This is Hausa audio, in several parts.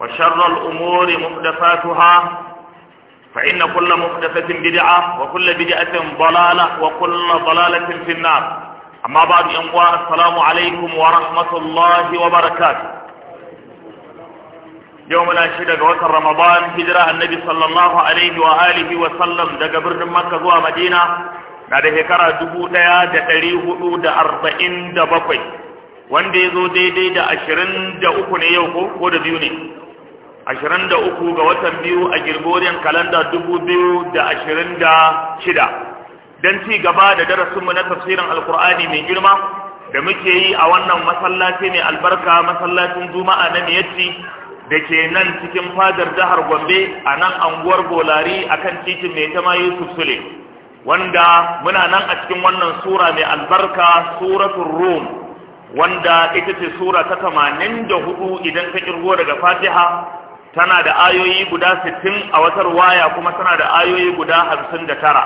وشر الأمور محدثاتها فإن كل محدثة بدعة وكل بدعة ضلالة وكل ضلالة في النار أما بعد أنواع السلام عليكم ورحمة الله وبركاته يوم الأشهد قوات رمضان هجرة النبي صلى الله عليه وآله وسلم دقى برد مكة ومدينة na da shekara dubu ɗaya da ɗari hudu da arba'in da bakwai wanda ya zo daidai da ashirin da uku ne yau ko da biyu ne ashirin da uku ga watan biyu a girgoriyar kalanda dubu biyu da ashirin da shida don ci gaba da darasinmu na tafsirin alkur'ani mai girma da muke yi a wannan masallaci mai albarka masallacin juma'a na miyatti da ke nan cikin fadar jihar gombe a nan anguwar bolari a kan titin mai tama yusuf sule wanda muna nan a cikin wannan sura mai albarka suratul rom wanda ita ce sura ta tamanin da hudu idan ka kirgo daga fatiha tana da ayoyi guda sittin a watar waya kuma tana da ayoyi guda hamsin da tara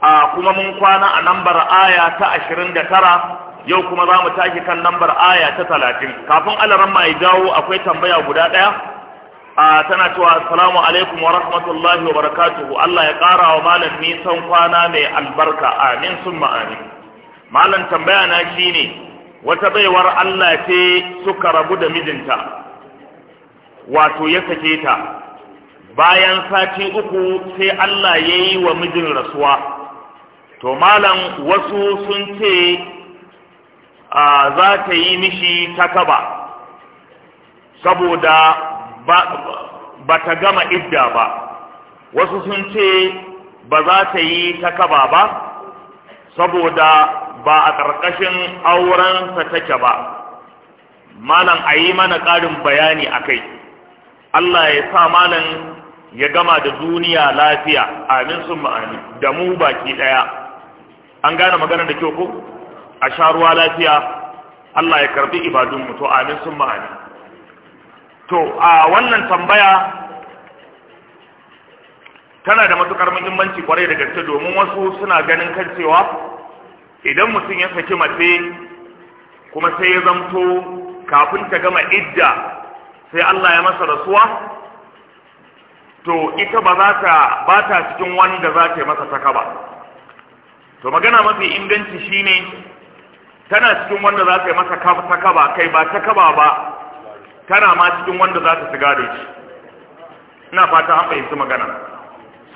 a kuma mun kwana a nambar aya ta ashirin da yau kuma za mu tashi kan nambar aya ta talatin kafin alaran ma ya dawo akwai tambaya guda ɗaya a tana cewa assalamu alaikum wa rahmatullahi wa barakatuhu Allah ya ƙara wa malam nisan kwana mai albarka amin sun malam tambaya na shine wata baiwar Allah ce suka rabu da mijinta wato ya sake ta bayan sati uku sai Allah ya yi wa mijin rasuwa to malam wasu sun ce za ta yi mishi takaba saboda ba ta gama idda ba wasu sun ce ba za ta yi takaba ba saboda ba a ƙarƙashin aurensa take ba malam a yi mana ƙarin bayani a kai Allah ya sa malam ya gama da duniya lafiya amin sun ma'ani da mu baki daya an gane maganar da kyau ko a sha ruwa lafiya Allah ya karbi ibadunmu to amin sun ma'ani to a wannan tambaya tana da matukar muhimmanci kwarai da gaske domin wasu suna ganin kan cewa idan mutum ya saki mace kuma sai ya zamto kafin ta gama idda sai Allah ya masa rasuwa to ita ba za ta ba ta cikin wanda za ta yi masa saka ba to magana mafi inganci shine tana cikin wanda za ta yi masa saka ba kai ba saka ba ba tana ma cikin wanda za ta shiga da shi ina fata an fahimci magana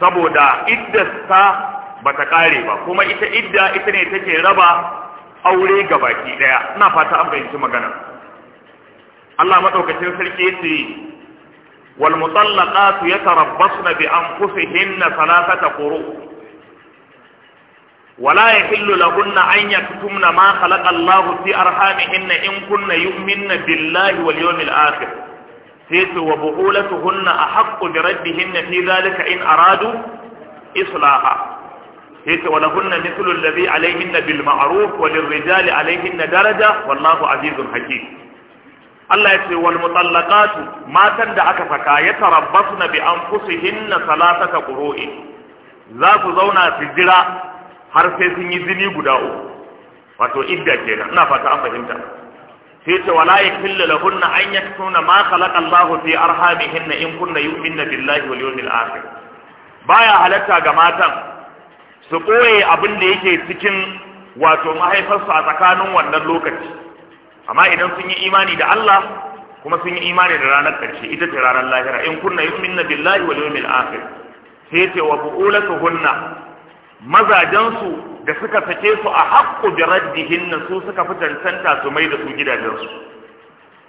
saboda iddasta ba ta kare ba kuma ita idda ita ne take raba aure ga baki daya ina fata an fahimci magana Allah madaukakin sarki yace wal mutallaqatu yatarabbasna bi anfusihinna thalathata quru ولا يحل لهن أن يكتمن ما خلق الله في أرحامهن إن كن يؤمن بالله واليوم الآخر سيس وبعولتهن أحق بردهن في ذلك إن أرادوا إصلاحا سيس ولهن مثل الذي عليهن بالمعروف وللرجال عليهن درجة والله عزيز حكيم Allah ya ce wal mutallaqatu matan da aka saka ya na bi anfusihinna salasata qurui za su zauna su jira har sai sun yi zini guda uku wato idda kenan ina fata an fahimta sai ce wala yakillu lahunna an yaktuna ma khalaqa Allahu fi arhamihinna in kunna yu'minna billahi wal yawmil akhir baya halatta ga matan su koye abin da yake cikin wato mahaifarsu a tsakanin wannan lokaci amma idan sun yi imani da Allah kuma sun yi imani da ranar ƙarshe ita ce ranar lahira in kunna yu'minna billahi wal yawmil akhir sai ce wa bu'ulatuhunna mazajensu da suka sake su a haqqu bi raddihinna su suka fi tantanta su mai da su gidajensu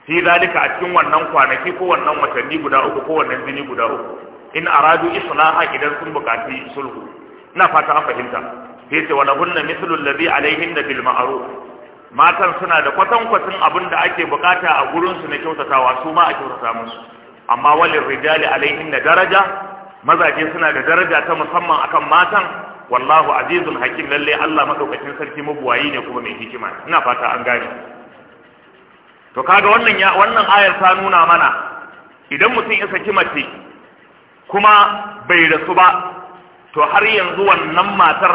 fi zalika a cikin wannan kwanaki ko wannan watanni guda uku ko wannan jini guda uku in aradu islaha idan sun bukaci sulhu ina fata an fahimta sai ce wa lahunna mithlu alladhi alayhinna bil ma'ruf matan suna da kwatankwacin abin da ake bukata a gurinsu na kyautatawa su ma a kyautata musu amma walin rijali alaihin da daraja mazaje suna da daraja ta musamman akan matan wallahu azizun hakim lalle Allah madaukakin sarki mabuwayi ne kuma mai hikima ina fata an gane to kaga wannan ya wannan ayar ta nuna mana idan mutum ya saki mace kuma bai rasu ba to har yanzu wannan matar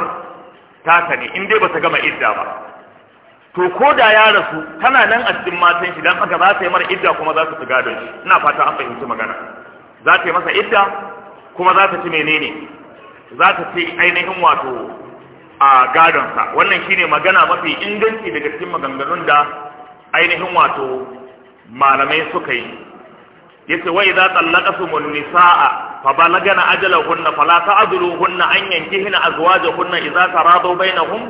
ta ne in dai bata gama idda ba to ko da ya rasu tana nan a cikin matan shi dan haka za ta yi mara idda kuma za ta tuga gadon shi ina fata an fahimci magana za ta yi masa idda kuma za ta ci menene za ta ci ainihin wato a gadon sa? wannan shine magana mafi inganci daga cikin maganganun da ainihin wato malamai suka yi yace wa idza tallaqasumun nisaa fa balagana ajalahunna fala hunna an yankihina azwajahunna idza taradu bainahum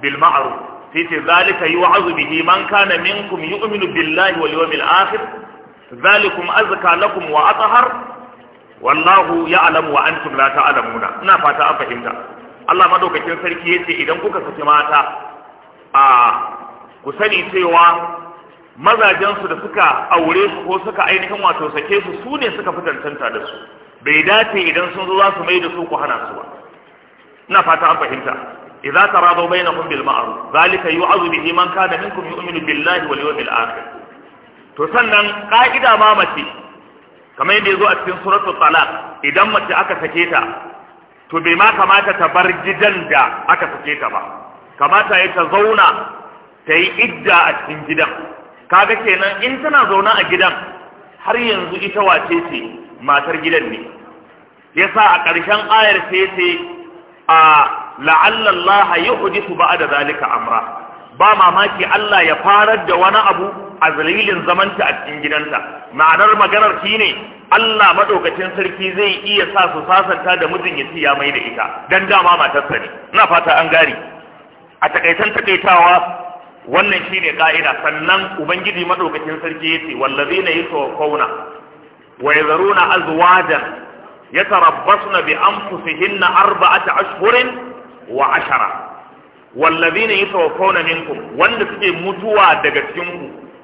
bil ma'ruf fi ce zalika yu'azu bihi man kana minkum yu'minu billahi wal yawmil akhir zalikum azka lakum wa athhar wallahu alamu wa antum la ta'lamuna ina fata an fahimta Allah madaukakin sarki yace idan kuka saki mata a ku sani cewa mazajensu da suka aure su ko suka ainihin wato sake su su ne suka fi tantanta da su bai dace idan sun zo za su mai da su ku hana su ba ina fata an fahimta idza taradu bainakum bil ma'ruf zalika yu'adhu bihi man kana minkum yu'minu billahi wal yawmil akhir to sannan ka'ida ma mace kamar yadda yazo a cikin suratul talaq idan mace aka sake ta to bai ma kamata ta bar gidan da aka sake ta ba kamata ya ta zauna ta yi idda a cikin gidan kaga kenan in tana zauna a gidan har yanzu ita wace ce matar gidan ne yasa a ƙarshen ayar sai ce a la'alla Allah yuhdithu ba'da zalika amra ba mamaki Allah ya farar da wani abu a zalilin zamanta a cikin gidanta ma'anar maganar shine Allah madaukakin sarki zai iya sa su sasanta da mijin ya ya mai da ita dan dama matarsa ne ina fata an gari a takaitan takaitawa wannan shine ka'ida sannan ubangiji madaukakin sarki yace wallazina yatawaffawna wa Ya azwajan yatarabbasna bi anfusihinna arba'ata ashhurin wa ashara wallazina yatawaffawna minkum wanda suke mutuwa daga cikinku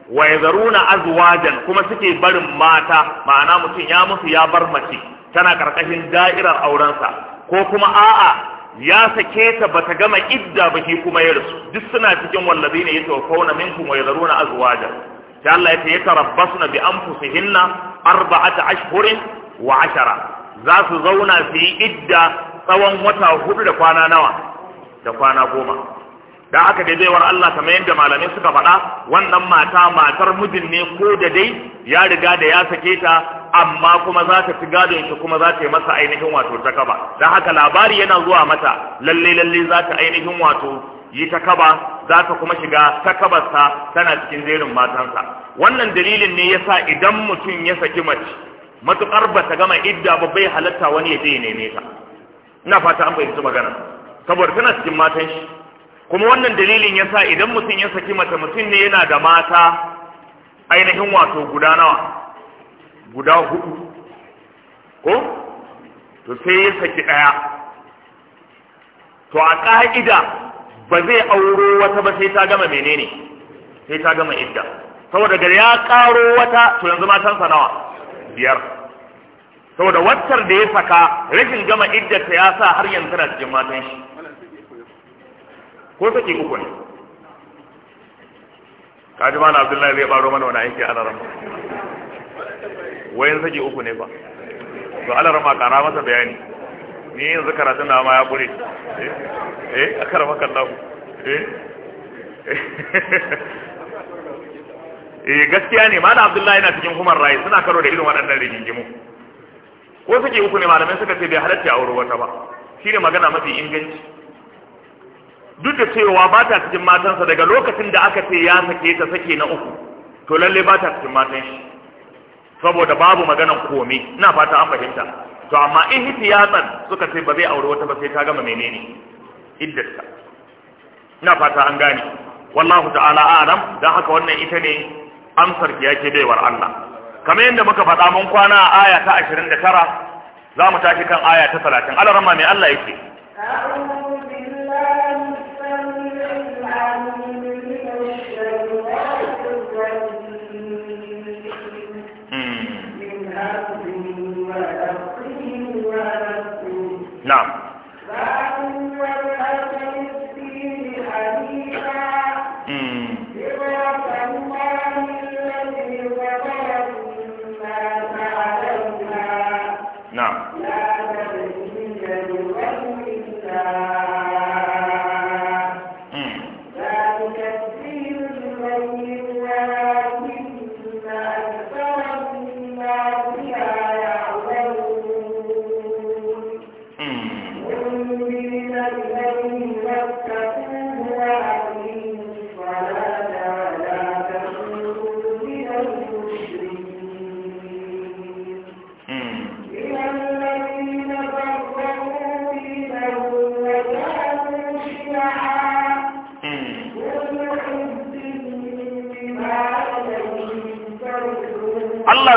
ku wa yazaruna azwajan kuma suke barin mata ma'ana mutum ya musu ya bar mace tana karkashin da'irar aurensa ko kuma a'a ya sake ta bata gama idda ba shi kuma ya duk suna cikin wallazina yatawaffawna minkum wa yazaruna azwajan sai Allah ya ce yatarabbasna bi anfusihinna arba'ata ashhurin wa ashara za su zauna su yi idda tsawon wata hudu da kwana nawa da kwana goma da aka zai Allah kamar yadda malamai suka faɗa wannan mata matar mijin ne ko da dai ya riga da ya sake ta amma kuma za ta ci gadon shi kuma za ta yi masa ainihin wato ta kaba da haka labari yana zuwa mata lalle lalle za ta ainihin wato yi ta kaba za ta kuma shiga ta kabarsa tana cikin jerin matansa wannan dalilin ne yasa idan mutum ya saki mace matukar ba ta gama idda ba bai halatta wani ya je ya neme ta ina fata an fahimci magana saboda tana cikin matan shi kuma wannan dalilin yasa idan mutum ya saki mace mutum ne yana da mata ainihin wato guda nawa guda hudu ko to sai ya saki daya to a ka'ida ba zai auro wata ba sai ta gama menene sai ta gama idda saboda gari ya karo wata to yanzu matansa nawa biyar saboda wattar da ya saka rashin gama iddata ya sa har yanzu tana cikin matan shi ko saki uku ne ka ji mana abdullahi zai baro mana wani aiki a rama wayan saki uku ne ba to alaran ma kara masa bayani ni yanzu karatun na ma ya bure eh, eh a kara maka lahu eh eh. eh gaskiya ne mana abdullahi yana cikin human rights suna karo da irin waɗannan rigingimu ko suke uku ne malamai suka ce bai halatta a wurin wata ba Shi ne magana mafi inganci duk da cewa ba ta cikin matansa daga lokacin da aka ce ya sake ta sake na uku to lalle ba ta cikin matan shi saboda babu maganan komai ina fata an fahimta to amma in ya tsan suka ce ba zai aure wata ba sai ta gama menene iddarta ina fata an gane wallahu ta'ala a'lam dan haka wannan ita ne amsar ki yake baiwar Allah kamar yadda muka faɗa mun kwana a aya ta 29 za mu tashi kan aya ta 30 Allah ramma mai Allah yake نعم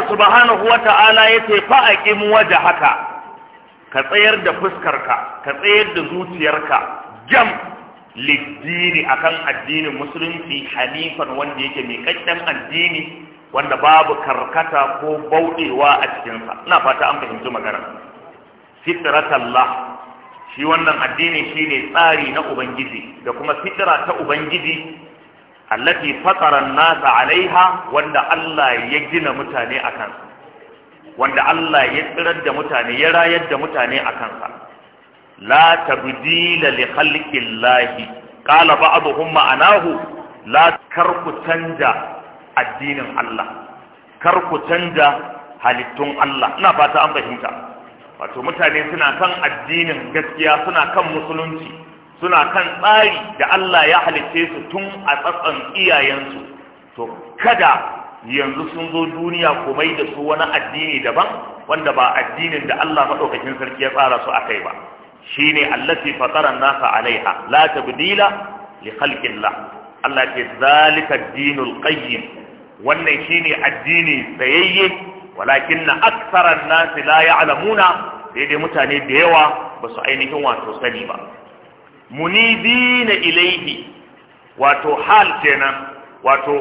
subhanahu wa ta'ala ya ce ƙin waje haka ka tsayar da fuskarka ka tsayar da zuciyarka jam liddini akan addinin musulunci halifan wanda yake mai kakkan addini wanda babu karkata ko bauɗewa a cikinsa ina fata an fahimci magana fitratallah shi wannan addini shine tsari na ubangiji da kuma fitra ta ubangiji allati fatara nasa alaiha wanda Allah ya gina mutane a kansa wanda Allah ya tsirar da mutane ya rayar da mutane a kansa la tabdila li khalqillahi qala ba'dhum ma'anahu la karku canja addinin Allah karku canja halittun Allah ina fata an fahimta wato mutane suna kan addinin gaskiya suna kan musulunci suna kan tsari da Allah ya halicce su tun a tsatsan iyayensu to kada yanzu sun zo duniya komai da su wani addini daban wanda ba addinin da Allah maɗaukakin sarki ya tsara su kai ba shine allati fatara nasa alaiha la tabdila li la. Allah ce zalika dinul qayyim wannan shine addini tsayayye walakinna aktharan nasi la ya sai daidai mutane da yawa ba su ainihin wato sani ba munibina ilaihi wato hal kenan wato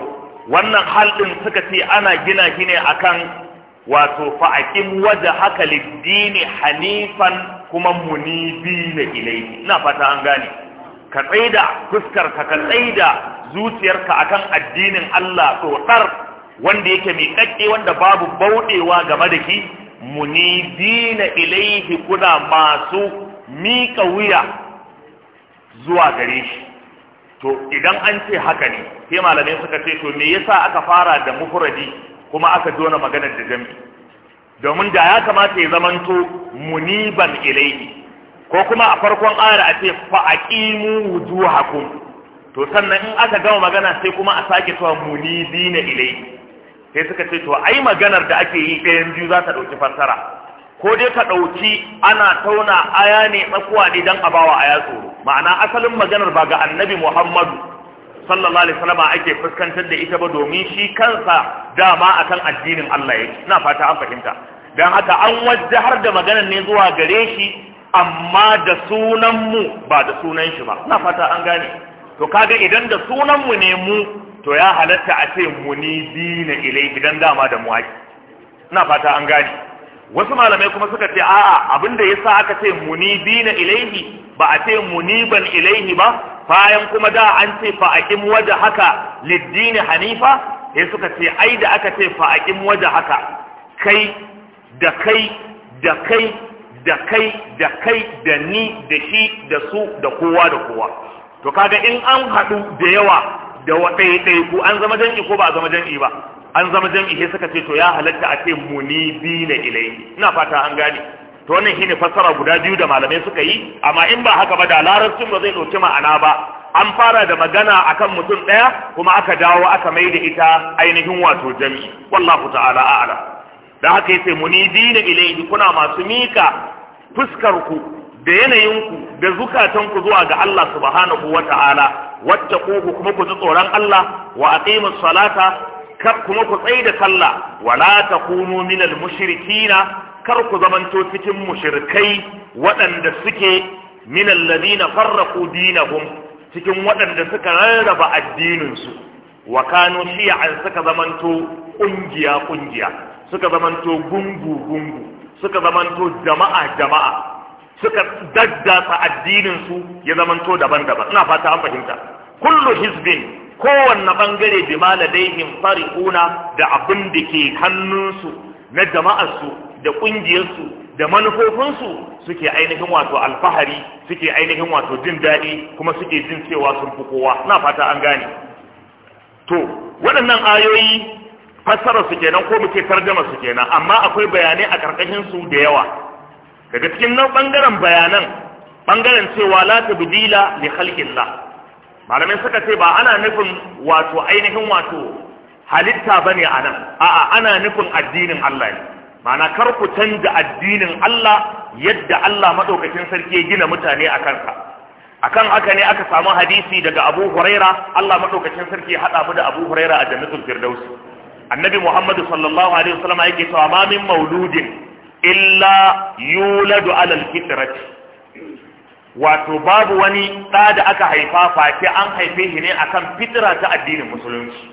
wannan hal din suka ce ana gina shi ne akan wato fa'aqim waje haka lidini hanifan kuma munidina ilaihi ina fata an gane ka tsaida fuskar ka ka tsaida zuciyarka akan addinin Allah tsotsar wanda yake miƙaƙƙe wanda babu bauɗewa game da ki munidina ilaihi kuna masu miƙa wuya zuwa gare shi to idan an ce haka ne sai malamai suka ce to me yasa aka fara da mufradi kuma aka jona maganar da jam'i? domin da ya kamata ya zamanto muniban ilaihi ko kuma a farkon ayar a ce fa aqimu wujuhakum to sannan in aka gama magana sai kuma a sake cewa munibina ilaihi sai suka ce to ai maganar da ake yi ɗayan biyu za ta ɗauki fassara ko dai ka ɗauki ana tauna aya ne tsakuwa ne don a bawa aya tsoro ma'ana asalin maganar ba ga annabi muhammadu sallallahu alaihi wasallam ake fuskantar da ita ba domin shi kansa dama akan addinin Allah yake ina fata an fahimta dan haka an wajjahar da maganar ne zuwa gare shi amma da sunan mu ba da sunan shi ba ina fata an gane to kaga idan da sunan mu ne mu to ya halatta a ce dina ilai idan dama da mu ina fata an gane wasu malamai kuma suka ce a'a abinda yasa aka ce munibina ilaihi ba a ce muniban ilaihi ba bayan kuma da an ce fa aqim haka lid hanifa sai suka ce ai da aka ce fa aqim haka kai da kai da kai da kai da kai da ni da shi da su da kowa da kowa to kaga in an haɗu da yawa da wa ɗaiɗaiku an zama jan'i ko ba zama jan'i ba an zama jam'i sai suka ce to ya halatta a ce na ilai ina fata an gane to wannan shine fassara guda biyu da malamai suka yi amma in ba haka ba da larabcin ba zai dauki ma'ana ba an fara da magana akan mutum daya kuma aka dawo aka mai da ita ainihin wato jam'i wallahu ta'ala a'ala da haka yace na ilai kuna masu mika fuskar ku da yanayinku da zukatanku zuwa ga Allah subhanahu wataala ta'ala wacce ku kuma ku ji tsoron Allah wa aqimus salata Kar kuma ku tsaye da sallah wala takunu minal mushrikina kar ku zamanto cikin mushrikai waɗanda suke minal ladina farraqu dinahum cikin waɗanda suka rarraba addinin su wa kanu shi'an suka zamanto kungiya kungiya suka zamanto gungu gungu suka zamanto jama'a jama'a suka daddasa addinin su ya zamanto daban-daban ina fata an fahimta kullu hizbin kowanne bangare bi maladaihim fariquna da abin da ke hannunsu na jama'arsu da ƙungiyarsu da manufofinsu suke ainihin wato alfahari suke ainihin wato jin daɗi kuma suke jin cewa sun fi kowa na fata an gane to waɗannan ayoyi fassara su kenan ko muke tarjama su kenan amma akwai bayanai a karkashin su da yawa daga cikin nan bangaren bayanan bangaren cewa la tabdila li khalqillah Malamin suka ce ba ana nufin wato ainihin wato halitta ne a nan a'a ana nufin addinin Allah ne Mana kar ku canja addinin Allah yadda Allah madaukakin sarki ya gina mutane a kansa akan haka ne aka samu hadisi daga Abu Huraira Allah madaukakin sarki ya haɗa mu da Abu Huraira a Jannatul firdausi. annabi Muhammadu sallallahu alaihi wasallam yake cewa ma min mauludin illa yuladu alal fitrati wato babu wani ɗa da aka haifa face an haife shi ne akan fitira ta addinin musulunci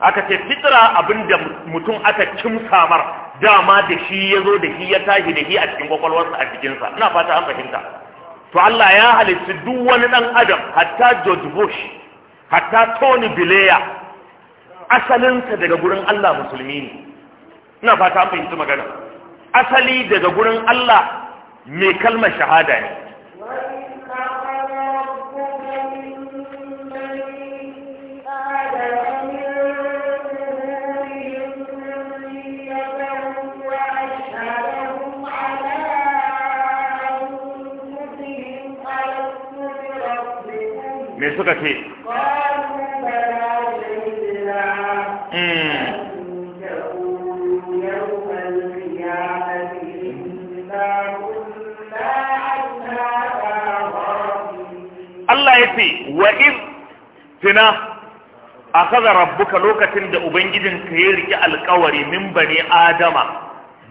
aka ce fitira abinda mutum aka kimsa mar dama da shi ya zo da shi ya tashi da shi a cikin kwakwalwarsa a jikinsa ina fata an fahimta to Allah ya halitta duk wani ɗan adam hatta George Bush hatta Tony Blair asalinsa daga gurin Allah musulmi ne ina fata an fahimta magana asali daga gurin Allah mai kalmar shahada ne me suka ce hmm. Allah ya ce wa iz tina akaza rabbuka lokacin da ubangijin ka ya riki alkawari min bani adama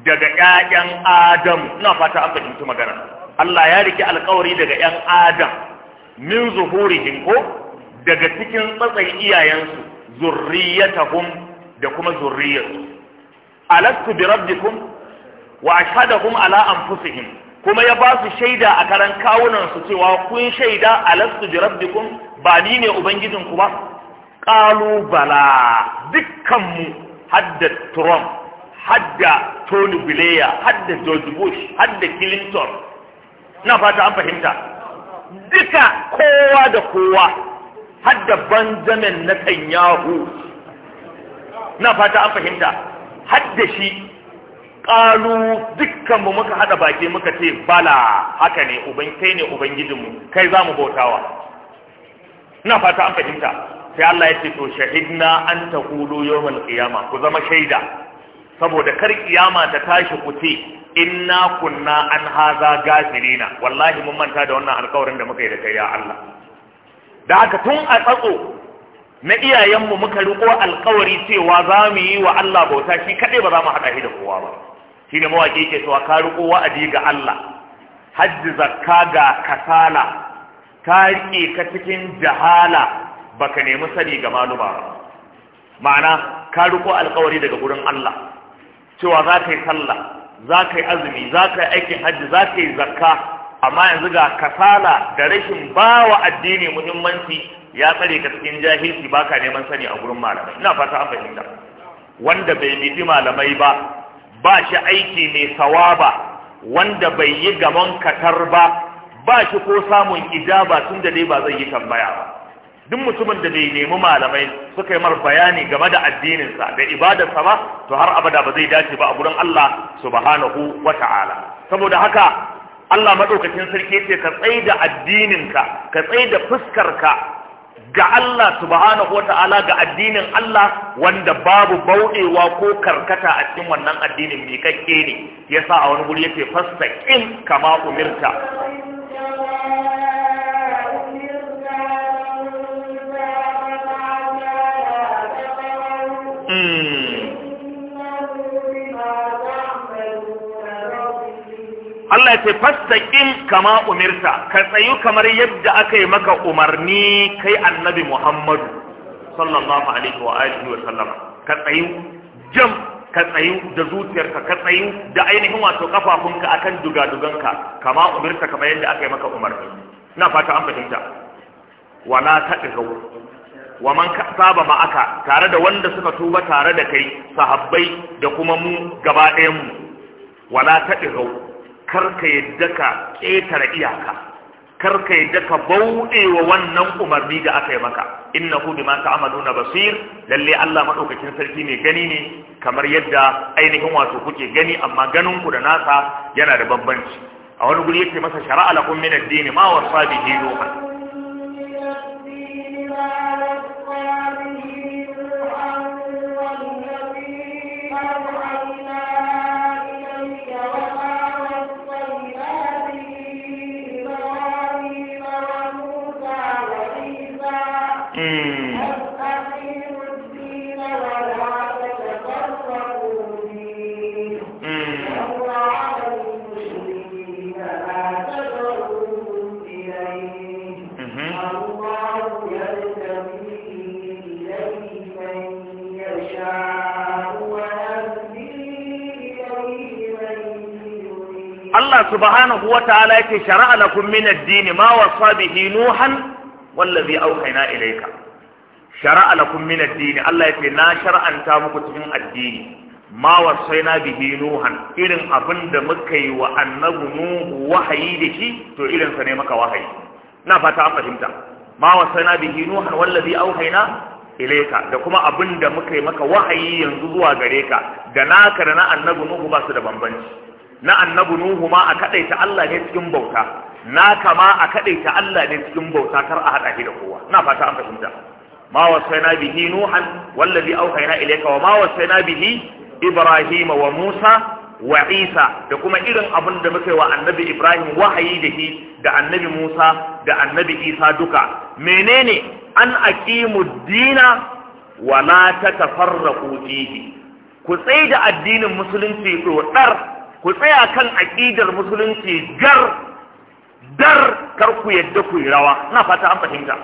daga ƴaƴan adam ina fata an fahimci magana Allah ya riki alkawari daga ƴan adam min zuhurihim ko daga cikin tsatsan iyayensu zurriyatahum da kuma zurriyatu alastu bi rabbikum wa ashhadahum ala anfusihim kuma ya ba su shaida a karan kawunan su cewa kun shaida alastu bi rabbikum ba ni ne ubangijin ba qalu bala dukkan mu hadda trump hadda tony blair hadda george bush hadda clinton na fata an fahimta duka kowa da kowa hadda Benjamin Netanyahu na fata an fahimta hadda shi ƙalu dukkanmu muka haɗa baki muka ce bala haka ne uban kai ne ubangijinmu kai za mu bautawa na fata an fahimta sai Allah ya ce to shahidna an taqulu yawmal qiyama ku zama shaida saboda kar kiyama ta tashi ku ce inna kunna an haza gafirina wallahi mun manta da wannan alƙawarin da muka yi da kai ya Allah da haka tun a tsatso na iyayenmu muka riko alƙawari cewa za mu yi wa Allah bauta shi kaɗai ba za mu haɗa shi da kowa ba shi ne mawaƙi ke cewa ka riko wa'adi ga Allah hajji zakka ga kasala ka riƙe ka cikin jahala baka nemi sani ga maluma ma'ana ka riko alƙawari daga gurin Allah cewa za ka yi sallah za ka yi azumi za ka yi aikin hajji za ka yi zakka amma yanzu ga kasala da rashin ba wa addini muhimmanci ya tsare ka cikin jahilci baka neman sani a gurin malamai ina fata an fahimta wanda bai nufi malamai ba ba shi aiki mai sawaba wanda bai yi gaban katar ba ba shi ko samun ijaba tun da dai ba zai yi tambaya ba duk mutumin da bai nemi malamai suka yi mar bayani game da addininsa da ibadarsa ba to har abada ba zai dace ba a gurin Allah subhanahu wa saboda haka Allah madaukakin sarki yace ka tsaida addininka ka tsaida fuskarka ga Allah subhanahu ga addinin Allah wanda babu bauɗewa ko karkata a cikin wannan addinin miƙaƙƙe ne yasa a wani guri yace fastaqim kama umirta Hmm. Allah ce ƙin kama umirta ka tsayu kamar yadda aka yi maka umarni kai annabi Muhammadu sallallahu alaihi wa alihi wa sallam ka tsayu jam ka tsayu da zuciyarka ka tsayu da ainihin wato kafafunka akan dugaduganka kama umirta kamar yadda aka yi maka umarni ina fata an fahimta wa na taɗi digau wa man saba ma'aka tare da wanda suka tuba tare da kai sahabbai da kuma mu gaba ɗayan mu wala ta kar ka yadda ka ƙetare iyaka karka yadda ka bauɗe wa wannan umarni da aka yi maka inna hu bima ta'maluna basir lalle Allah madaukakin sarki ne gani ne kamar yadda ainihin wato kuke gani amma ganin ku da nasa yana da bambanci a wani guri yake masa shara'a lakum min ad-din ma wasa bihi subhanahu wa ta'ala yake shara'a lakum min ad-din ma wasa bihi nuhan wallazi auhayna ilayka shara'a lakum min ad-din Allah yake na shar'anta muku cikin addini ma wasaina bihi nuhan irin abin da muka yi wa annabi nuhu wahayi da shi to irin sa ne maka wahayi na fata an fahimta ma wasaina bihi nuhan wallazi auhayna ilaika da kuma abin da muka yi maka wahayi yanzu zuwa gare ka da naka da na annabi nuhu ba su da bambanci na annabi nuhu ma a kadaita Allah ne cikin bauta na kama a kadaita Allah ne cikin bauta kar a hada shi da kowa na fata an fahimta ma wasaina bihi nuhan wallazi auhayna ilayka wa ma wasaina bihi ibrahima wa musa wa isa da kuma irin abin da muka yi wa annabi ibrahim wahayi da shi da annabi musa da annabi isa duka menene an aqimu dina wa la tatafarraqu fihi ku tsaida addinin musulunci dodar ku tsaya kan aƙidar musulunci gar dar kar ku yadda ku yi rawa ina fata an fahimta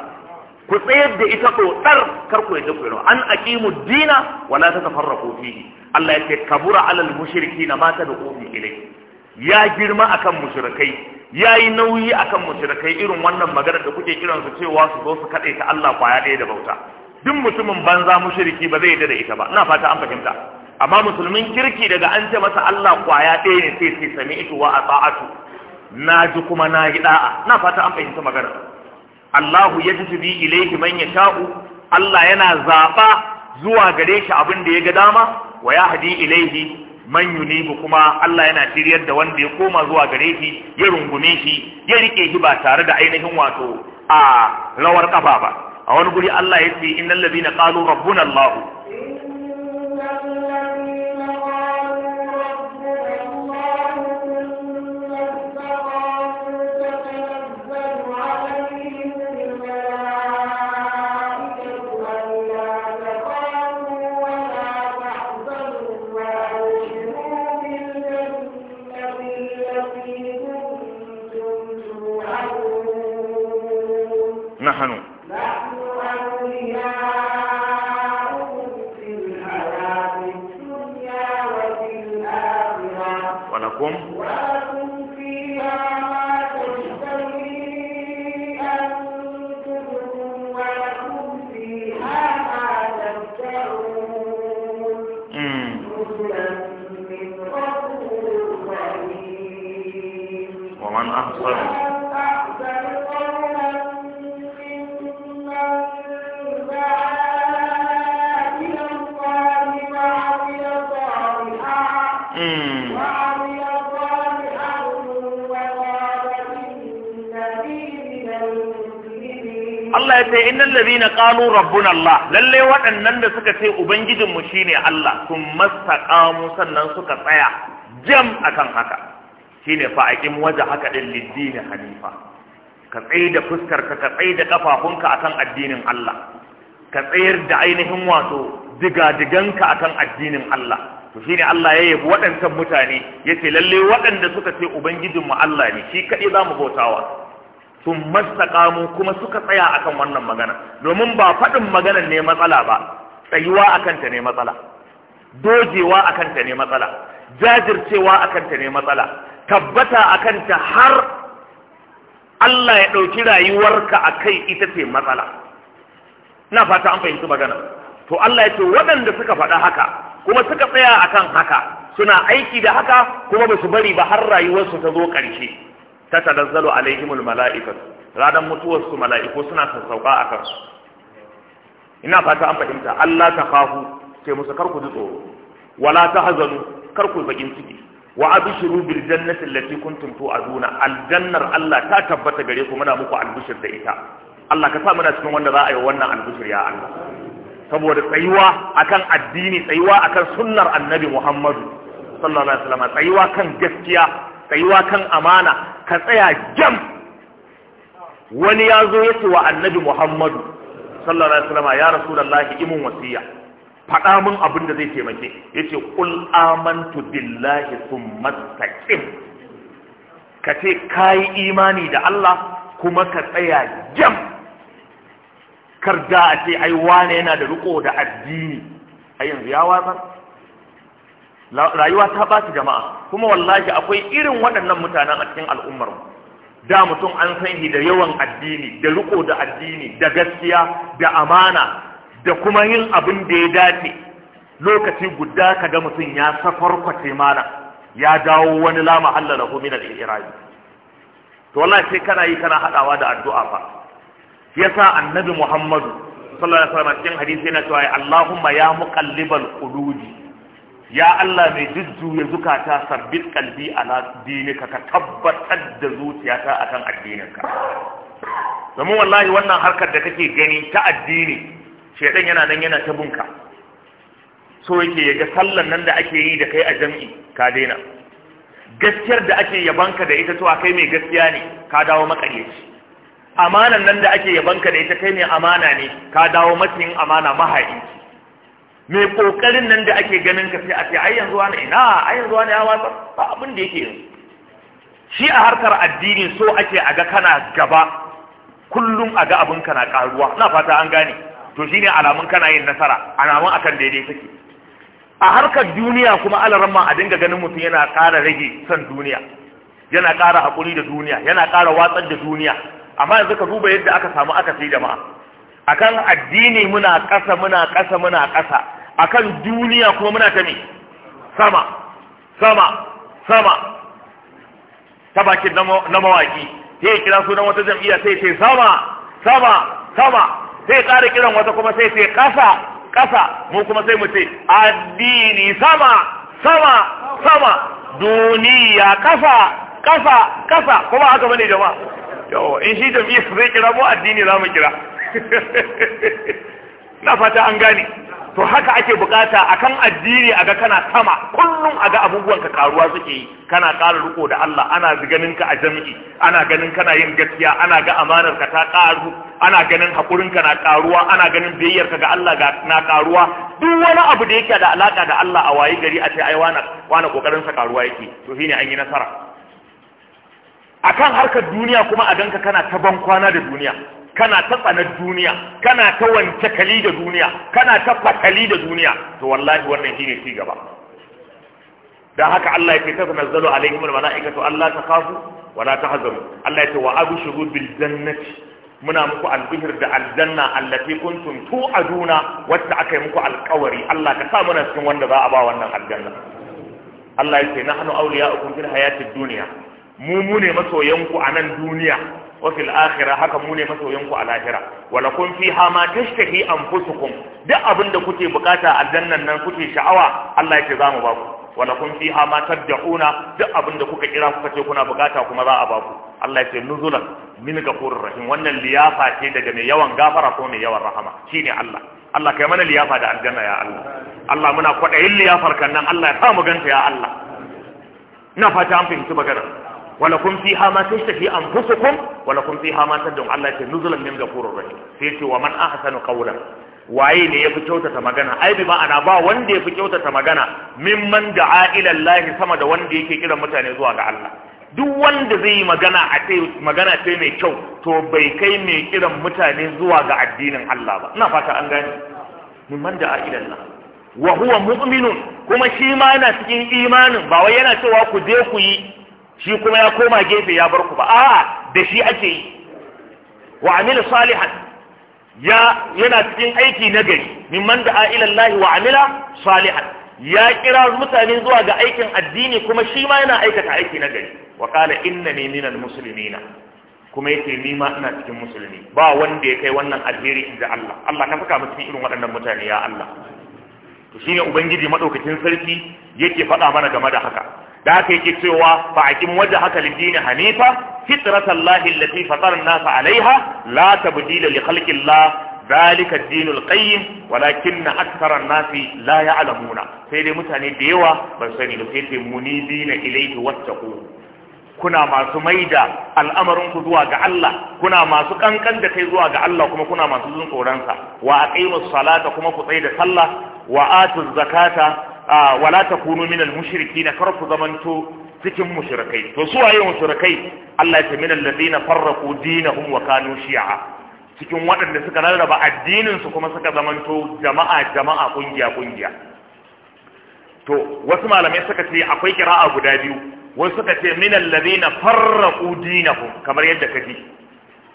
ku tsayar da ita ko dar kar ku yadda ku yi rawa an aqimu dina wa tatafarraqu fihi Allah ya ce kabura alal mushrikina ma tad'u ilayhi ya girma akan mushrikai yayi nauyi akan mushrikai irin wannan magana da kuke kiran su cewa su zo su kade ta Allah kwaya ɗaya da bauta duk mutumin banza mushriki ba zai yadda da ita ba ina fata an fahimta amma musulmin kirki daga an ce masa Allah kwaya ɗaya ne sai sai sami ito wa ata'atu na ji kuma na yi ɗa'a, na fata an fahimta magana Allahu bi ilaihi man ya sha'u Allah yana zaɓa zuwa gare shi abin da ya ga dama wa ya hadi ilaihi? man yunibu kuma Allah yana shiryar da wanda ya koma zuwa gare shi ya rungume shi ya rike shi ba tare da ainihin wato a rawar kafa ba a wani guri Allah ya ce innal ladina qalu rabbuna Allahu الذين Allah ya ce innal ladina qalu rabbuna Allah waɗannan da suka ce ubangijinmu mu shine Allah kun mastaqamu sannan suka tsaya jam kan haka shine fa waje haka din lidini hanifa ka tsaye da fuskar ka tsaye da kafafunka kan addinin Allah ka tsayar da ainihin wato digadiganka akan addinin Allah to shine Allah ya yabi waɗancan mutane yace lallai waɗanda suka ce ubangijin mu Allah ne shi kadai zamu bautawa sun mastakamu kuma suka tsaya akan wannan magana domin ba faɗin maganar ne matsala ba tsayuwa akan ta ne matsala dojewa akan ta ne matsala jajircewa akan ta ne matsala tabbata akan ta har Allah ya ɗauki rayuwarka a kai ita ce matsala na fata an fahimci magana to Allah ya ce waɗanda suka faɗa haka kuma suka tsaya akan haka suna aiki da haka kuma ba su bari ba har rayuwarsu ta zo ƙarshe ta tanazzalu alaihimul mala'ikatu mutuwar su mala'iku suna sassauka a kansu ina fata an fahimta Allah ta kafu sai musu kar ku ji tsoro wala ta hazanu kar ku bakin ciki wa abshiru bil jannati allati kuntum tu'aduna aljannar Allah ta tabbata gare ku muna muku albishir da ita Allah ka sa muna cikin wanda za a yi wannan albishir ya Allah saboda tsayuwa akan addini tsayuwa akan sunnar annabi Muhammadu sallallahu alaihi wasallam tsayuwa kan gaskiya tsayuwa kan amana ka tsaya jam wani ya zo ya ce wa annabi muhammadu sallallahu alaihi wasallam ya rasulullahi imun wasiya faɗa min abin da zai taimake yace qul amantu billahi thumma taqim ka ce kayi imani da Allah kuma ka tsaya jam kar da a ce ai wane yana da riko da addini ai yanzu ya watsar rayuwa ta ɓaci jama'a kuma wallahi akwai irin waɗannan mutanen a cikin al'ummar da mutum an san shi da yawan addini da riko da addini da gaskiya da amana da kuma yin abin da ya dace lokaci guda ka ga mutum ya sakwarkwace mana ya dawo wani lama mahalla lahu min al-i'rab to wallahi sai kana yi kana hadawa da addu'a fa yasa annabi Muhammadu sallallahu alaihi wasallam cikin hadisi yana cewa Allahumma ya muqallibal qulubi ya Allah mai ya zukata sabbin kalbi a dinika ka tabbatar da zuciyata akan addininka zama wallahi wannan harkar da kake gani ta addini shaidan yana nan yana ta bunka so yake yaga sallan nan da ake yi da kai a jam'i ka daina gaskiyar da ake yabanka da ita cewa kai mai gaskiya ne ka dawo makaryaci amanan nan da ake yabanka da ita kai mai amana ne ka dawo matsayin amana mahaici mai kokarin nan da ake ganin ka sai a ce ai yanzu wani ina ai yanzu wani ya wasa ba abin da yake yanzu shi a harkar addini so ake aga kana gaba kullum aga abin kana karuwa na fata an gane to shine alamun kana yin nasara alamun akan daidai take a harkar duniya kuma alaramma a dinga ganin mutum yana ƙara rage son duniya yana ƙara haƙuri da duniya yana ƙara watsar da duniya amma yanzu ka duba yadda aka samu aka akasi jama'a akan addini muna ƙasa muna ƙasa muna ƙasa akan duniya kuma muna ta me sama sama sama ta bakin na mawaki sai ya kira sunan wata jam'iyya sai ce sama sama sama sai ƙara kiran wata kuma sai ce ƙasa ƙasa mu kuma sai mu ce addini sama sama sama duniya ƙasa ƙasa ƙasa kuma haka bane jama'a yau in shi jam'iyya zai kira mu addini za mu kira na fata an gane to haka ake bukata akan addini aga kana sama kullum aga abubuwan ka karuwa suke yi kana kara riko da Allah ana ganin ka a jami'i ana ganin kana yin gaskiya ana ga amanar ka ta ƙaru ana ganin hakurin ka na ƙaruwa ana ganin biyayyar ka ga Allah na karuwa duk wani abu da yake da alaka da Allah a wayi gari a ce ai wani wani kokarin sa ƙaruwa yake to shine an yi nasara akan harkar duniya kuma a ganka kana ta ban kwana da duniya kana ta tsanar duniya kana ta wance kali da duniya kana ta fakali da duniya to wallahi wannan shine ci gaba dan haka Allah ya ce kaita tanazzalu alaihim almalaikatu Allah ta khafu wala tahzanu Allah ya ce wa abshuru bil jannati muna muku albihir da aljanna allati kuntum aduna. wacce aka yi muku alkawari Allah ka sa muna cikin wanda za a ba wannan aljanna Allah ya ce nahnu awliya'ukum fil hayatid dunya mu mu ne masoyanku a nan duniya wa fil akhirah haka mu ne masoyan ku a lahira wa lakum fiha ma tashtahi anfusukum duk abin da kuke bukata aljannan nan kuke sha'awa Allah yake zamu ba ku Wala kun fi hama tad'una duk abin da kuka kira kuka ce kuna bukata kuma za a ba ku Allah yake nuzulan min ghafurur rahim wannan liyafa ce daga mai yawan gafara ko mai yawan rahama shine Allah Allah kai mana liyafa da aljanna ya Allah Allah muna kwadayin liyafar kan nan Allah ya sa mu ganta ya Allah na fata an fahimci maganar Wala kun fi hama sai walakum fiha ma Wala kun fi hama sai don Allah ce nuzulan min ghafurur rahim sai ce wa man ahsanu qawlan waye ne yafi kyautata magana ai bi ma'ana ba wanda yafi kyautata magana mimman da ila Allah sama da wanda yake kiran mutane zuwa ga Allah duk wanda zai yi magana a ce magana ce mai kyau to bai kai mai kiran mutane zuwa ga addinin Allah ba ina fata an gane mimman da'a ila Allah wa huwa mu'minun kuma shi ma yana cikin imanin ba wai yana cewa ku je ku yi shi kuma ya koma gefe ya bar ku ba a'a da shi ake yi wa amila salihan ya yana cikin aiki na gari man da ilallahi wa amila salihan ya kira mutane zuwa ga aikin addini kuma shi ma yana aikata aiki na gari wa qala innani minal muslimina kuma yake ni ma ina cikin musulmi ba wanda ya kai wannan alheri inda Allah Allah ka faka mu irin waɗannan mutane ya Allah to shine ubangiji madaukakin sarki yake faɗa mana game da haka da aka yi cewa fa aqim wajhaka haka dini hanifa allah allati fatara an-nasa alaiha la tabdila li khalqillah ذلك الدين القيم ولكن أكثر الناس لا يعلمون سيدي متاني ديوا بس سيدي لسيدي منيبين إليه واتقوه kuna masu maida al'amarinku zuwa ga Allah kuna masu kankan da kai zuwa ga Allah kuma kuna masu jin tsoronsa wa aqimus salata kuma ku tsaye da sallah wa atuz zakata wala takunu minal mushrikin kar ku zamanto cikin mushrikai to su waye mushrikai Allah ya minal ladina farraqu dinahum wa kanu shi'a cikin waɗanda suka rarraba addinin su kuma suka zamanto jama'a jama'a kungiya kungiya to wasu malamai suka ce akwai kira'a guda biyu wasu suka ce minal ladina farraqu dinahum kamar yadda kaji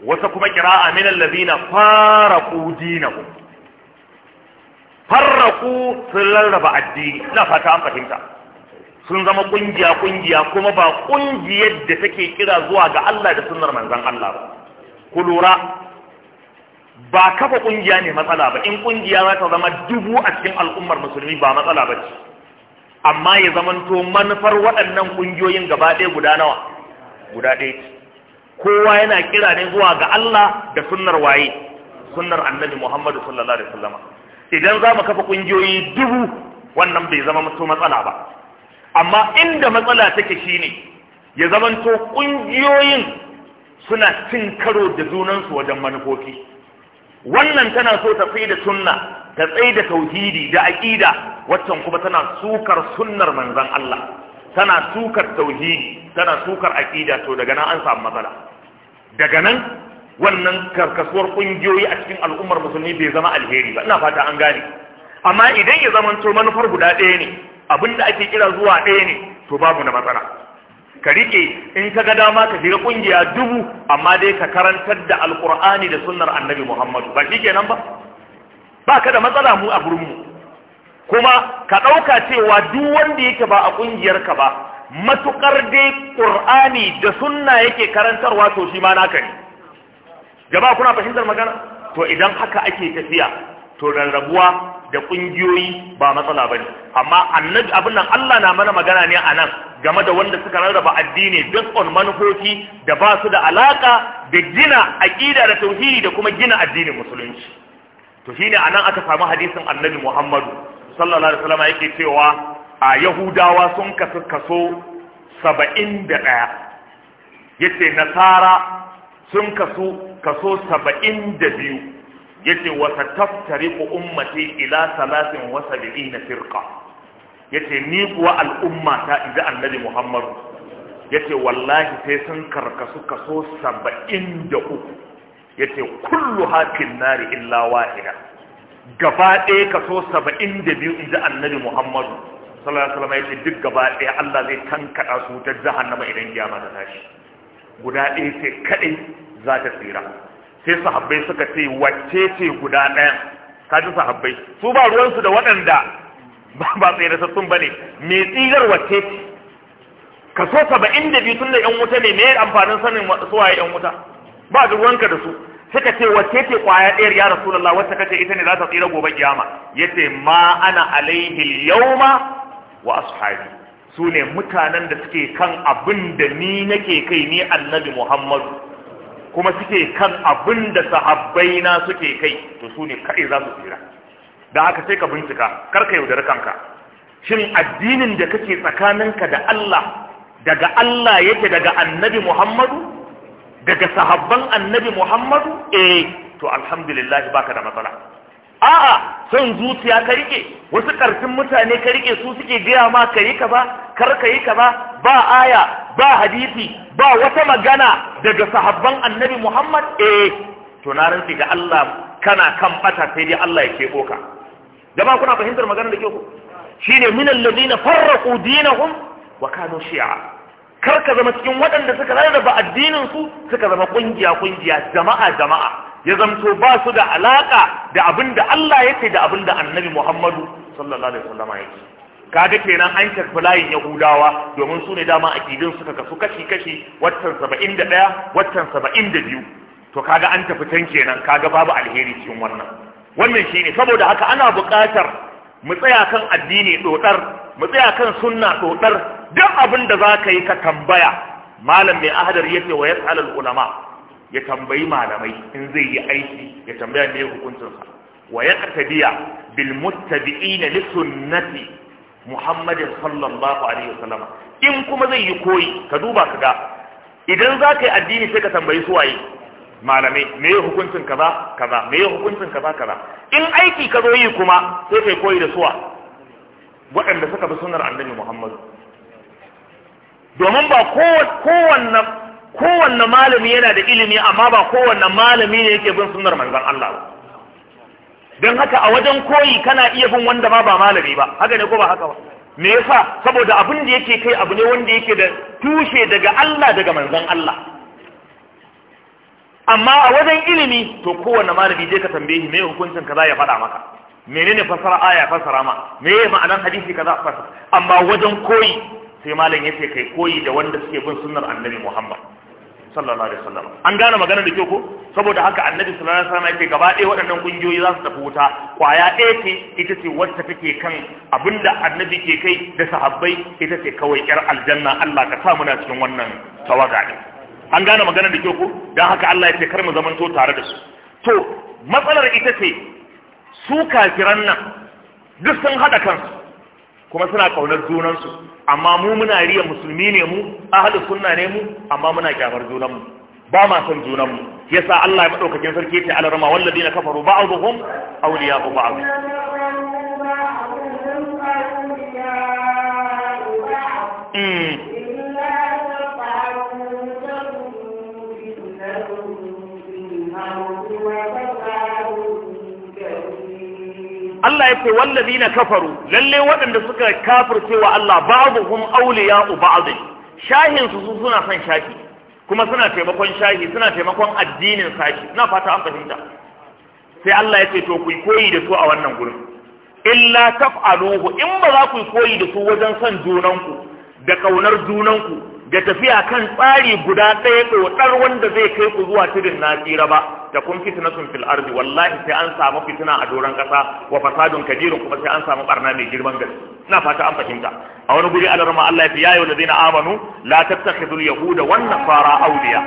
wasu kuma kira'a minal ladina farraqu dinahum farraku sun rarraba addini na fata an fahimta sun zama kungiya kungiya kuma ba kungiyar da take kira zuwa ga Allah da sunnar manzon Allah ba ku lura ba kafa kungiya ne matsala ba in kungiya za ta zama dubu a cikin al'ummar musulmi ba matsala ba amma ya zamanto manufar waɗannan kungiyoyin gaba ɗaya guda nawa guda ɗaya kowa yana kira ne zuwa ga Allah da sunnar waye sunnar annabi Muhammadu sallallahu alaihi wasallam idan za mu kafa ƙungiyoyi dubu wannan bai zama mutu matsala ba amma inda matsala take shine ya zamanto ƙungiyoyin suna cin karo da junansu wajen manufofi wannan tana so ta tsaye da sunna ta tsaye da tauhidi da aƙida waccan kuma tana sukar sunnar manzon Allah tana sukar tauhidi tana sukar aƙida to daga nan an samu matsala daga nan wannan karkasuwar ƙungiyoyi a cikin al'ummar musulmi bai zama alheri ba ina fata an gane amma idan ya zamanto manufar guda ɗaya ne abin da ake kira zuwa ɗaya ne to babu na matsala ka rike in ka ga dama ka shiga ƙungiya dubu amma dai ka karantar da alƙur'ani da sunnar annabi muhammadu ba shi kenan ba ba ka da matsala mu a mu kuma ka ɗauka cewa duk wanda yake ba a ƙungiyarka ba matukar dai ƙur'ani da sunna yake karantarwa to shi ma naka ne Gaba kuna fahimtar magana to idan haka ake tafiya to rarrabuwa da kungiyoyi ba matsala bane amma annabi abin nan Allah na mana magana ne anan game da wanda suka rarraba addini duk on manufofi da ba su da alaka da gina aqida da tauhidi da kuma gina addinin musulunci to shine anan aka samu hadisin annabi Muhammadu sallallahu alaihi wasallam yake cewa a Yahudawa sun kasu kaso 71 yace nasara sun kasu kaso saba'in da biyu yace wata taftari ku ummati ila da wa sab'ina firqa yace ni kuwa al'umma ta inda annabi muhammadu yace wallahi sai sun karkasu kaso saba'in da uku yace kullu hafin nari illa wahida gaba ɗaya kaso saba'in da biyu ji annabi muhammadu sallallahu alaihi wasallam yace duk gaba ɗaya Allah zai tankaɗa su ta jahannama idan kiyama ta tashi guda ɗaya ce kaɗai za ta tsira sai sahabbai suka ce wacce ce guda ɗaya kaji sahabbai su ba ruwansu da waɗanda ba da sassun ba ne mai tsirar wacce ce kaso saba'in da biyu tun da yan wuta ne me amfanin sanin suwaye yan wuta ba ga ruwanka da su suka ce wacce ce kwaya ɗayar ya rasu rasulullah wacce kace ita ne za ta tsira gobe kiyama yace ma ana alaihi yauma wa ashabi su ne mutanen da suke kan abin da ni nake kai ni annabi muhammadu kuma suke kan abin da sahabbai na suke kai to su ne kai za su tsira da haka sai ka bincika kar ka yaudari kanka shin addinin da kake tsakaninka da Allah daga Allah yake daga annabi muhammadu daga sahabban annabi muhammadu eh to alhamdulillah baka da matsala a'a son zuciya ka rike wasu karfin mutane ka rike su suke gaya ma ka yi ka ba, kar ka yi ka ba ba aya ba hadisi ba wata magana daga sahabban annabi Muhammad eh to na rantsi ga Allah kana kan bata sai dai Allah ya kebo ka jama'a kuna fahimtar magana da kyau shine min alladhina farraqu dinahum wa kanu shi'a kar ka zama cikin waɗanda suka rarraba addinin su suka zama kungiya kungiya jama'a jama'a ya zamto ba su da alaƙa da abin da Allah ya ce da abin da Annabi Muhammadu sallallahu alaihi wasallam ya ce kaga kenan an karfi Yahudawa domin su ne dama akidin suka kasu kashi kashi watan 71 watan 72 to kaga an tafi can kenan kaga babu alheri cikin wannan wannan shine saboda haka ana buƙatar mu tsaya kan addini dodar mu tsaya kan sunna dodar duk abin da za ka yi ka tambaya malam mai ahadar ya ce wa ya tsalar ulama ya tambayi malamai in zai yi aiki ya tambaya mai hukuncinsa wa ya ƙatabiya bil muttabi'ina na sunnati muhammadin sallallahu alaihi wasallam in kuma zai yi koyi ka duba ka ga idan za ka yi addini sai ka tambayi suwaye malamai me ya hukuncin kaza kaza me ya hukuncin kaza kaza in aiki ka zo yi kuma sai kai koyi da suwa waɗanda suka bi sunnar annabi muhammadu domin ba kowanne kowanne malami yana da ilimi amma ba kowanne malami ne yake bin sunnar manzon Allah ba don haka a wajen koyi kana iya bin wanda ma ba malami ba haka ne ko ba haka ba me yasa saboda abin da yake kai abu ne wanda yake da tushe daga Allah daga manzon Allah amma a wajen ilimi to kowanne malami je ka tambaye shi me hukuncin kaza ya faɗa maka menene fasara aya fasara ma me ma'anar hadisi kaza fasara amma wajen koyi sai malam yace kai koyi da wanda suke bin sunnar annabi Muhammad sallallahu alaihi wasallam an gane magana da kyau ko saboda haka annabi sallallahu alaihi wasallam yace gaba ɗaya waɗannan kungiyoyi za su tafi wuta kwaya ɗaya ce ita ce wacce take kan abinda annabi ke kai da sahabbai ita ce kawai yar aljanna Allah ka sa muna cikin wannan tawaga din an gane magana da kyau ko dan haka Allah ya ce kar mu zamanto tare da su to matsalar ita ce su kafiran nan duk sun haɗa kansu kuma suna kaunar junansu amma mu muna riya musulmi ne mu ahli sunna ne mu amma muna kyamar junanmu ba ma son junanmu yasa Allah ya madaukakin sarki yace alarma walladina kafaru ba'dhum awliya'u ba'd Mm. Allah ya ce wallazi na kafaru lalle waɗanda suka kafirce wa Allah babu hum auliya u ba'dhi shahin su suna son shaki kuma suna taimakon shahi suna taimakon addinin sashi ina fata an fahimta sai Allah ya ce to ku koyi da su a wannan gurin illa taf'aluhu in ba za ku koyi da su wajen son junanku da kaunar junanku da tafiya kan tsari guda ɗaya ɗoɗar wanda zai kai ku zuwa tudun na ba takun fitnatun fil ardi wallahi sai an samu fitina a doron kasa wa fasadun kabirun kuma sai an samu barna mai girman gaske ina fata an fahimta a wani guri alarma Allah ya fi yayo ladina amanu la tattakhidul yahuda wan nasara awliya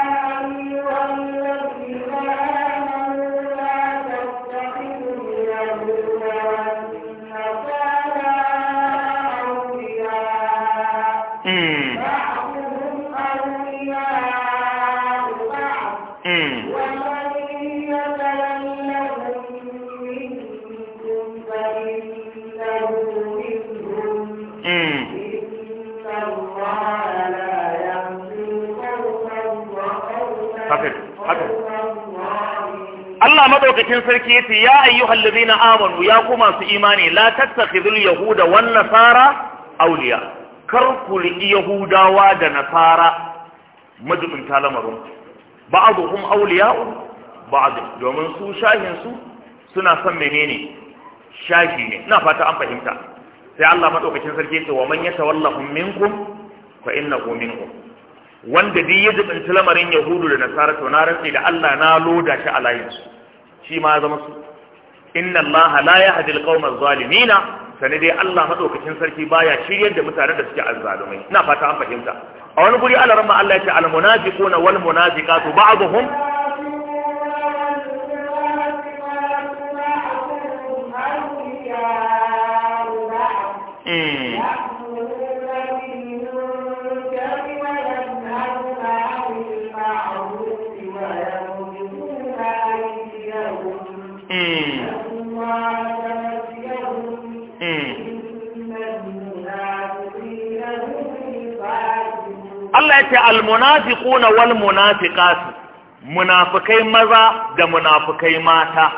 Allah madaukakin sarki yace ya ayyuhal ladina amanu ya ku masu imani la tattakhidul yahuda wan nasara awliya kar ku riƙi yahudawa da nasara majibinta lamarin ba'aduhum awliya'u ba'd domin su shahin su suna son menene shahi ne ina fata an fahimta sai Allah madaukakin sarki yace wa man yatawallahum minkum fa innahu minkum. wanda duk ya jibinta lamarin yahudu da nasara to na rantsi da Allah na loda shi a layinsu shi ma zama su inna allaha la yahdi alqawma zalimina sane dai Allah madaukakin sarki baya shiryar da mutanen da suke azzalumai ina fata an fahimta a wani guri Allah ramma Allah ya ce al munafiquna wal munafiqatu ba'dhum ce na wal munafiqatu munafikai maza da munafikai mata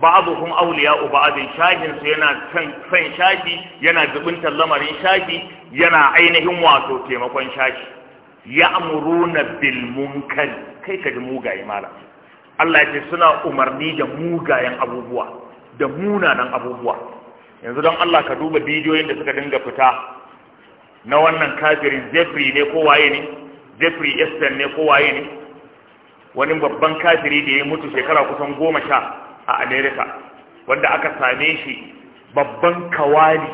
ba'dhum auliya uba abin shahinsu yana san shafi yana zubuntar lamarin shafi yana ainihin wato taimakon shafi Ya amuru na bilmunkan kai ka ji mugaye malam Allah ya ce suna umarni da mugayen abubuwa da munanan abubuwa yanzu don Allah ka duba bidiyoyin da suka dinga fita na wannan kafirin Jeffrey ne ko ne jeffrey esten ne ko waye ne wani babban kafiri da ya mutu shekara kusan goma sha a america wanda aka same shi babban kawali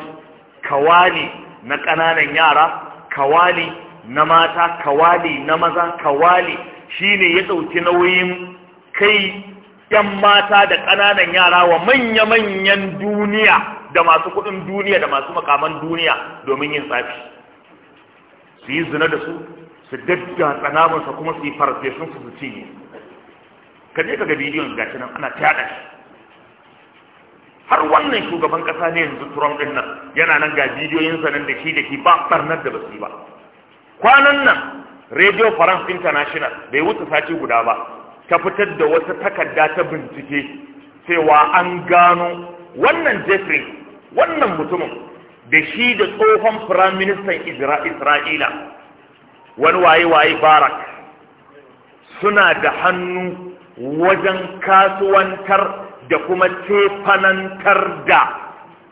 kawali na ƙananan yara kawali na mata kawali na maza kawali shine ya ɗauki nauyin kai 'yan mata da ƙananan yara wa manya-manyan duniya da masu kuɗin duniya da masu makaman duniya domin yin tsafi su yi zina da su su dadda tsanabarsa kuma su yi farfesun su su cinye ka je ka ga bidiyon ga nan ana tada shi har wannan shugaban kasa ne yanzu Trump din nan yana nan ga bidiyoyinsa nan da shi da shi ba barnar da basu ba kwanan nan Radio France International bai wuce sati guda ba ta fitar da wata takarda ta bincike cewa an gano wannan Jeffrey wannan mutumin da shi da tsohon firaministan Isra'ila wani waye waye barak suna da hannu wajen kasuwantar da kuma tefanantar da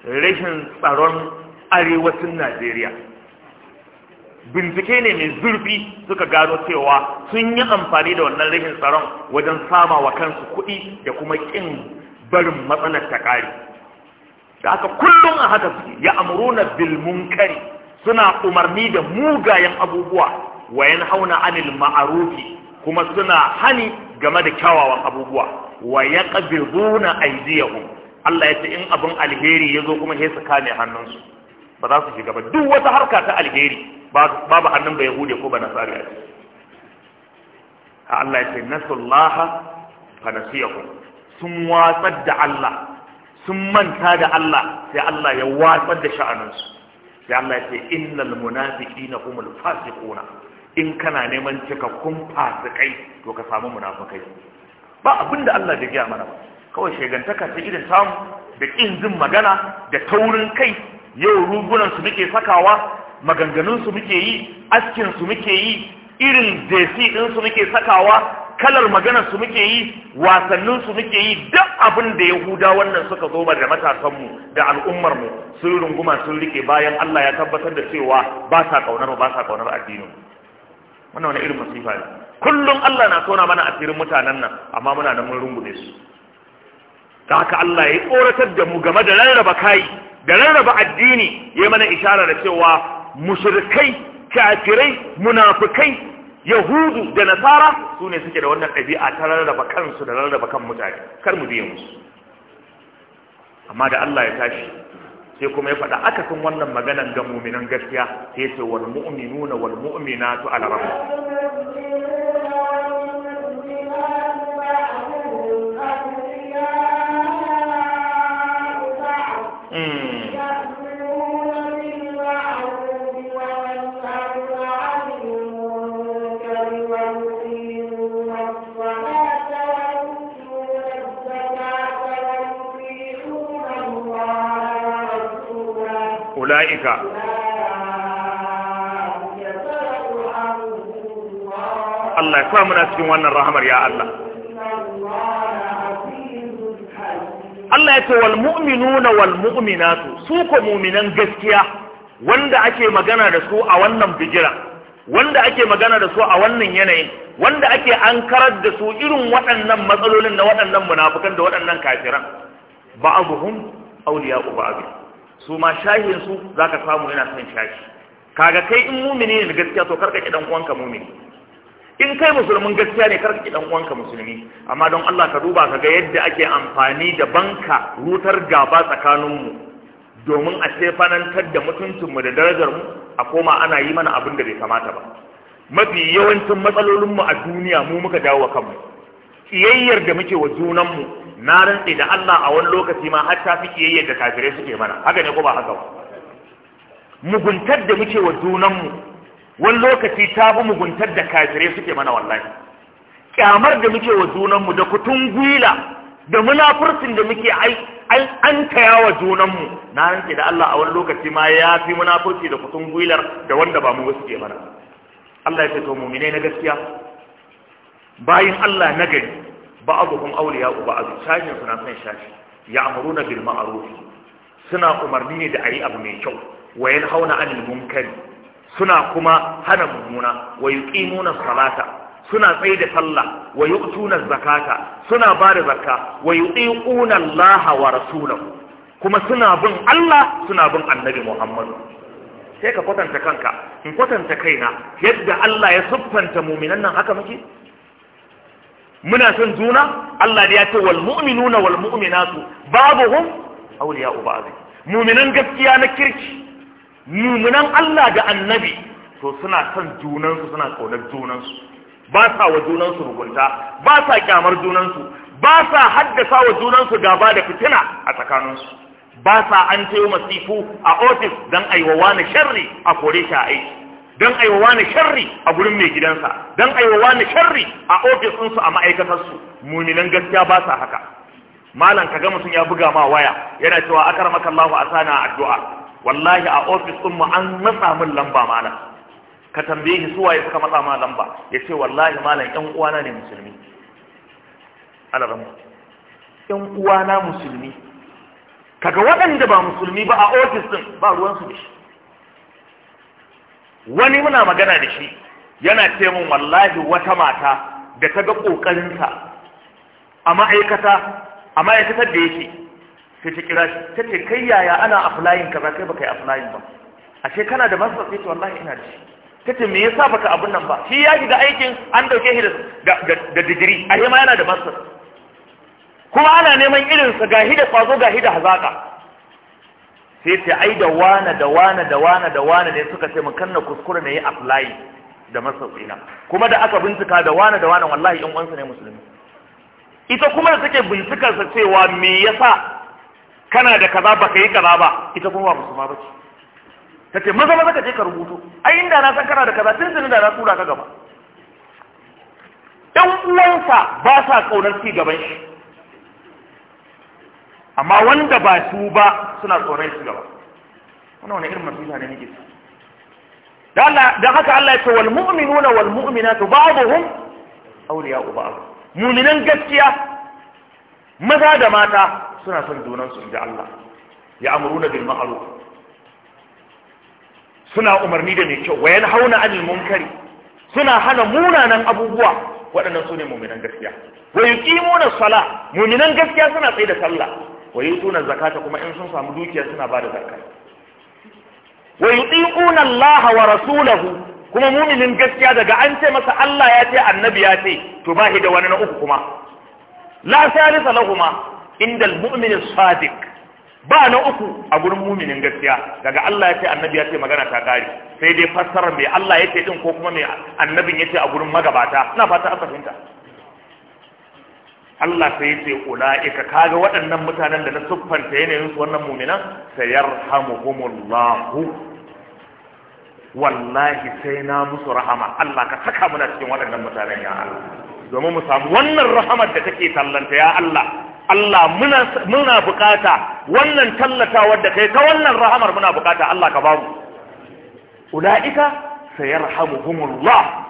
rashin tsaron arewacin najeriya bincike ne mai zurfi suka gano cewa sun yi amfani da wannan rashin tsaron wajen sama wa kansu kuɗi da kuma ƙin barin matsalar ta ƙari da aka kullum a haka ya amuruna bilmun kari suna umarni da mugayen abubuwa wa 'yan hauna 'anil ma'arufi kuma suna hani game da kyawawan abubuwa wa yaqbiduna aydiyahum Allah ya ce in abin alheri ya zo kuma sai kame hannunsu ba za su shiga ba duk wata harka ta alheri babu hannun ba yahude ko ba nasara ya Allah ya ce nasullaha fa nasiyahum sun watsar da Allah sun manta da Allah sai Allah ya watsar da sha'anansu. sai Allah ya ce innal munafiqina humul fasiquna in kana neman cikakkun fasikai to ka samu munafukai ba abin da Allah ya gaya mana ba kawai shegantaka ta irin samu da kin jin magana da taurin kai yau rugunan su muke sakawa maganganun su muke yi askin su muke yi irin jesi din su muke sakawa kalar maganar su muke yi wasannin su muke yi duk abin da yahuda wannan suka zo da matasan mu da al'ummar mu sun runguma sun rike bayan Allah ya tabbatar da cewa ba sa kaunar ba sa kaunar addinin wannan wani irin masifa ne kullum Allah na tona mana asirin mutanen nan amma muna da mun rungume su ta haka Allah ya tsoratar da mu game da rarraba kai da rarraba addini ya mana isharar da cewa mushrikai kafirai munafikai yahudu da nasara su ne suke da wannan ɗabi'a ta rarraba kansu da rarraba kan mutane kar mu biye musu amma da Allah ya tashi sai kuma ya faɗa aka san wannan maganan ga muminan gaskiya sai ce wal mu'minuna wal mu'minatu ala mala’ika Allah ya sa muna cikin wannan rahamar ya Allah Allah ya ce wal mu'minuna wal mu'minatu su ko mu'minan gaskiya wanda ake magana da su a wannan bijira wanda ake magana da su a wannan yanayin wanda ake ankarar da su irin waɗannan matsalolin na waɗannan munafukan da waɗannan kafiran ba'abuhum awliya'u ba'd su ma shahin su zaka samu yana son shashi kaga kai in mumini ne gaskiya to karka ki dan uwanka mumini in kai musulmin gaskiya ne karka ki dan uwanka musulmi amma don Allah ka duba kaga yadda ake amfani da banka rutar gaba tsakanin mu domin a sefanantar da mutuncinmu da darajar mu a koma ana yi mana abin da bai kamata ba mafi yawancin matsalolinmu a duniya mu muka dawo kanmu kiyayyar da muke wa junanmu na rantsi da Allah a wani lokaci ma har ta fi kiyayya da kafire suke mana haka ne ko ba haka muguntar da muke wa junanmu wani lokaci ta fi muguntar da kafire suke mana wallahi kyamar da muke wa junanmu da kutun gwila da munafurcin da muke ai an taya wa junanmu na rantsi da Allah a wani lokaci ma ya fi munafurci da kutun gwilar da wanda ba mu suke mana Allah ya ce to mu'mine na gaskiya bayin Allah na gari ba'dhum awliya'u ba'd shashin suna son shashi ya'muruna bil ma'ruf suna umarni ne da a yi abu mai kyau wa yanhauna 'anil munkari suna kuma hana mumuna, wa yuqimuna salata suna tsaida da sallah wa zakata suna ba da zakka wa yuqiquna Allah wa rasulahu kuma suna bin Allah suna bin Annabi Muhammadu, sai ka kwatanta kanka in kwatanta na, yadda Allah ya siffanta mu'minan nan haka muke muna son juna Allah da ya ce wal mu'minuna wal mu'minatu babuhum awliya ubadi mu'minan gaskiya na kirki mu'minan Allah da annabi to suna son junansu suna kaunar junansu ba sa wa junansu mugunta ba sa kyamar junansu ba sa haddasa wa junansu gaba da fitina a tsakaninsu ba sa an tayo masifu a ofis don aiwawa na sharri a kore shi a aiki don aiwa wani sharri a gurin mai gidansa don aiwa wani sharri a ofisinsu ɗinsu a ma'aikatarsu muminan gaskiya ba sa haka malam kaga sun ya buga ma waya yana cewa akar maka Allahu asana addu'a wallahi a ofis ɗin mu an matsa min lamba malam ka tambaye shi suwa ya suka matsa ma lamba ya ce wallahi malam ƴan uwana ne musulmi alaramu ƴan uwana musulmi kaga waɗanda ba musulmi ba a ofis ɗin ba ruwansu da shi wani muna magana da shi yana ce min wallahi wata mata da ta ga ƙoƙarinsa a ma'aikata a ma'aikatar da yake sai ta kira shi ta ce kai yaya ana aflayin kaza kai baka yi aflayin ba ashe kana da masu sai wallahi ina da shi ta ce me yasa baka abun nan ba shi ya shiga aikin an dauke shi da digiri a ma yana da masu kuma ana neman irinsa gahi da kwazo gahi da hazaka sai ce ai da wane da wane da wane da wane ne suka ce mu kanna kuskure ne yi apply da masauƙina kuma da aka bincika da wane da wane wallahi yan uwansa ne musulmi ita kuma da take bincikar sa cewa me yasa kana da kaza baka yi kaza ba ita kuma ba musulma bace tace maza maza ka je ka rubuto ai inda na san kana da kaza tun tun da na tura ka gaba yan uwansa ba sa kaunar ci gaban shi amma wanda ba su ba suna tsoron su gaba wannan wani irin masifa ne muke da Allah da haka Allah ya ce wal mu'minuna wal mu'minatu ba'dhum awliya'u ba'd mu'minan gaskiya maza da mata suna son junan su inji Allah ya amuruna bil ma'ruf suna umarni da mai kyau wa yanhauna 'anil munkari suna hana munanan abubuwa waɗannan su ne mu'minan gaskiya wa yuqimuna sala mu'minan gaskiya suna tsaye da sallah wa yutuna zakata kuma in sun samu dukiya suna bada zakka wa yutiquna Allah wa rasulahu kuma muminin gaskiya daga an ce masa Allah ya ce annabi ya ce to ba da wani na uku kuma la salisa lahuma inda almu'min sadiq ba na uku a gurin muminin gaskiya daga Allah ya ce annabi ya ce magana ta kare sai dai fassarar mai Allah ya ce din ko kuma mai annabin ya ce a gurin magabata ina fata an fahimta Allah sai ya ce ula'ika kaga waɗannan mutanen da na siffanta yanayin su wannan muminan sayarhamuhumullahu wallahi sai na musu rahama Allah ka saka muna cikin waɗannan mutanen ya Allah domin mu samu wannan rahamar da take tallanta ya Allah Allah muna muna bukata wannan tallatawar da kai ta wannan rahamar muna bukata Allah ka bamu ula'ika sayarhamuhumullahu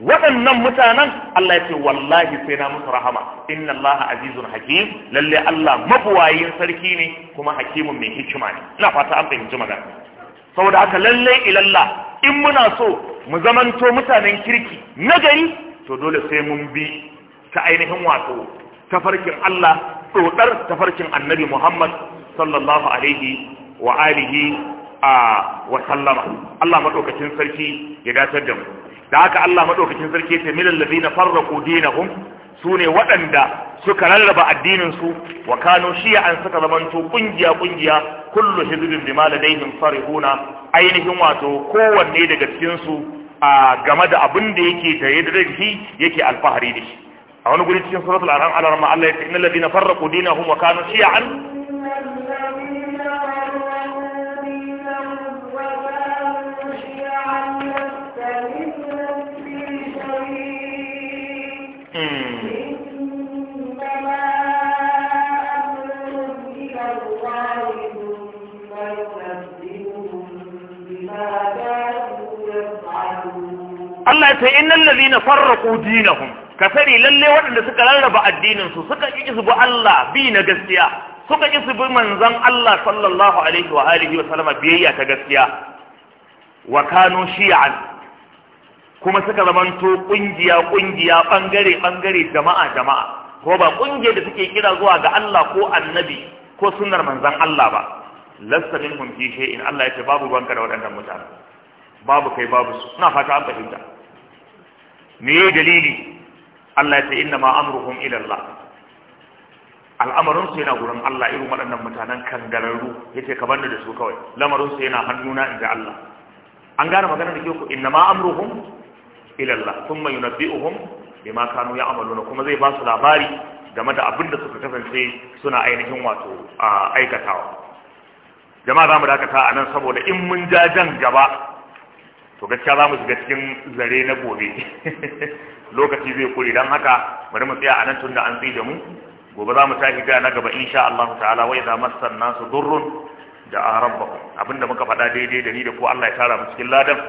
waɗannan mutanen Allah ya ce wallahi sai na musu rahama inna Allah azizun hakim lalle Allah mabuwayin sarki ne kuma hakimin mai hikima ne ina fata an fahimci magana saboda haka lalle ilalla in muna so mu zamanto mutanen kirki na gari to dole sai mun bi ta ainihin wato tafarkin Allah tsotsar tafarkin annabi Muhammad sallallahu alaihi wa alihi a wasallama. Allah madaukakin sarki ya datar da mu da haka Allah madaukakin sarki ya ce milal ladina farraqu dinahum sune waɗanda suka rarraba addinin su wa kanu shi'an suka zamanto kungiya kungiya kullu hizbin bima ladaihim farihuna ainihin wato kowanne daga cikin su a game da abin da yake da yadda yake alfahari da shi a wani guri cikin suratul an'am Allah ya ce innal ladina farraqu dinahum wa kanu shi'an Allah ya ce innal ladhina farraqu dinahum ka sani lalle waɗanda suka rarraba addinin su suka ki su bi Allah bi na gaskiya suka ki su bi manzon Allah sallallahu alaihi wa alihi wa sallama biyayya ta gaskiya wa kanu shi'an kuma suka zamanto ƙungiya-ƙungiya bangare bangare jama'a jama'a ko ba kungiyar da suke kira zuwa ga Allah ko annabi ko sunnar manzon Allah ba lasta minhum fi shay'in Allah ya ce babu banka da waɗannan mutane babu kai babu su na fata an fahimta me dalili Allah ya ce inna ma amruhum ila Allah al'amarin su yana gurin Allah irin waɗannan mutanen kangararru yace ka banda da su kawai lamarin su yana hannuna inda Allah an gane magana da ke ku inna ma amruhum ila Allah thumma yunabbi'uhum bima kanu amaluna. kuma zai ba su labari game da abin da suka kasance suna ainihin wato aikatawa jama'a za mu dakata a nan saboda in mun ja jan gaba to gaskiya za mu shiga cikin zare na gobe lokaci zai kure dan haka bari mu tsaya a nan tunda an tsaye da mu gobe za mu tashi gaya na gaba insha Allah ta'ala wai za masan nasu durrun da arabba abinda muka faɗa daidai da ni da ko Allah ya tara mu cikin ladan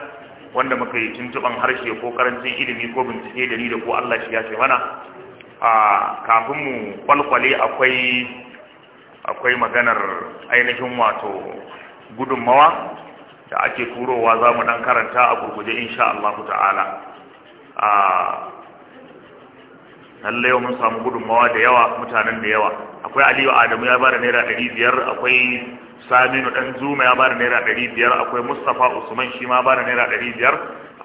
wanda muka yi tuntuban harshe ko karancin ilimi ko bincike da ni da ko Allah shi ya ce mana a kafin mu kwalkwale akwai akwai maganar ainihin wato gudunmawa da ake turowa za mu ɗan karanta a gurguje insha Allah ta'ala a lallai mun samu gudunmawa da yawa mutanen da yawa akwai aliyu adamu ya bada naira ɗari biyar akwai saminu ɗan zuma ya bada naira ɗari biyar akwai mustapha usman shi ma bada naira ɗari biyar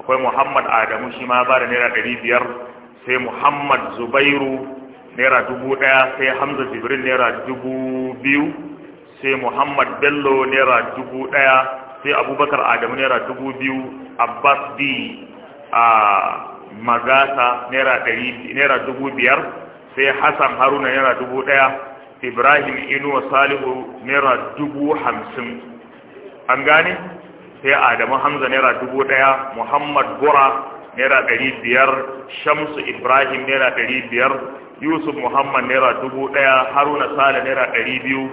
akwai muhammad adamu shi ma bada naira ɗari biyar sai muhammad zubairu naira dubu ɗaya sai hamza jibril naira dubu biyu sai muhammad bello naira dubu ɗaya sai abubakar adamu naira dubu biyu abbas d a magasa naira dubu biyar sai hassan haruna naira dubu daya ibrahim inuwa salihu naira dubu hamsin an gane sai adamu hamza naira dubu daya muhammad gura naira dari biyar shamsu ibrahim naira dari biyar yusuf muhammad naira dubu daya haruna sale naira dari biyu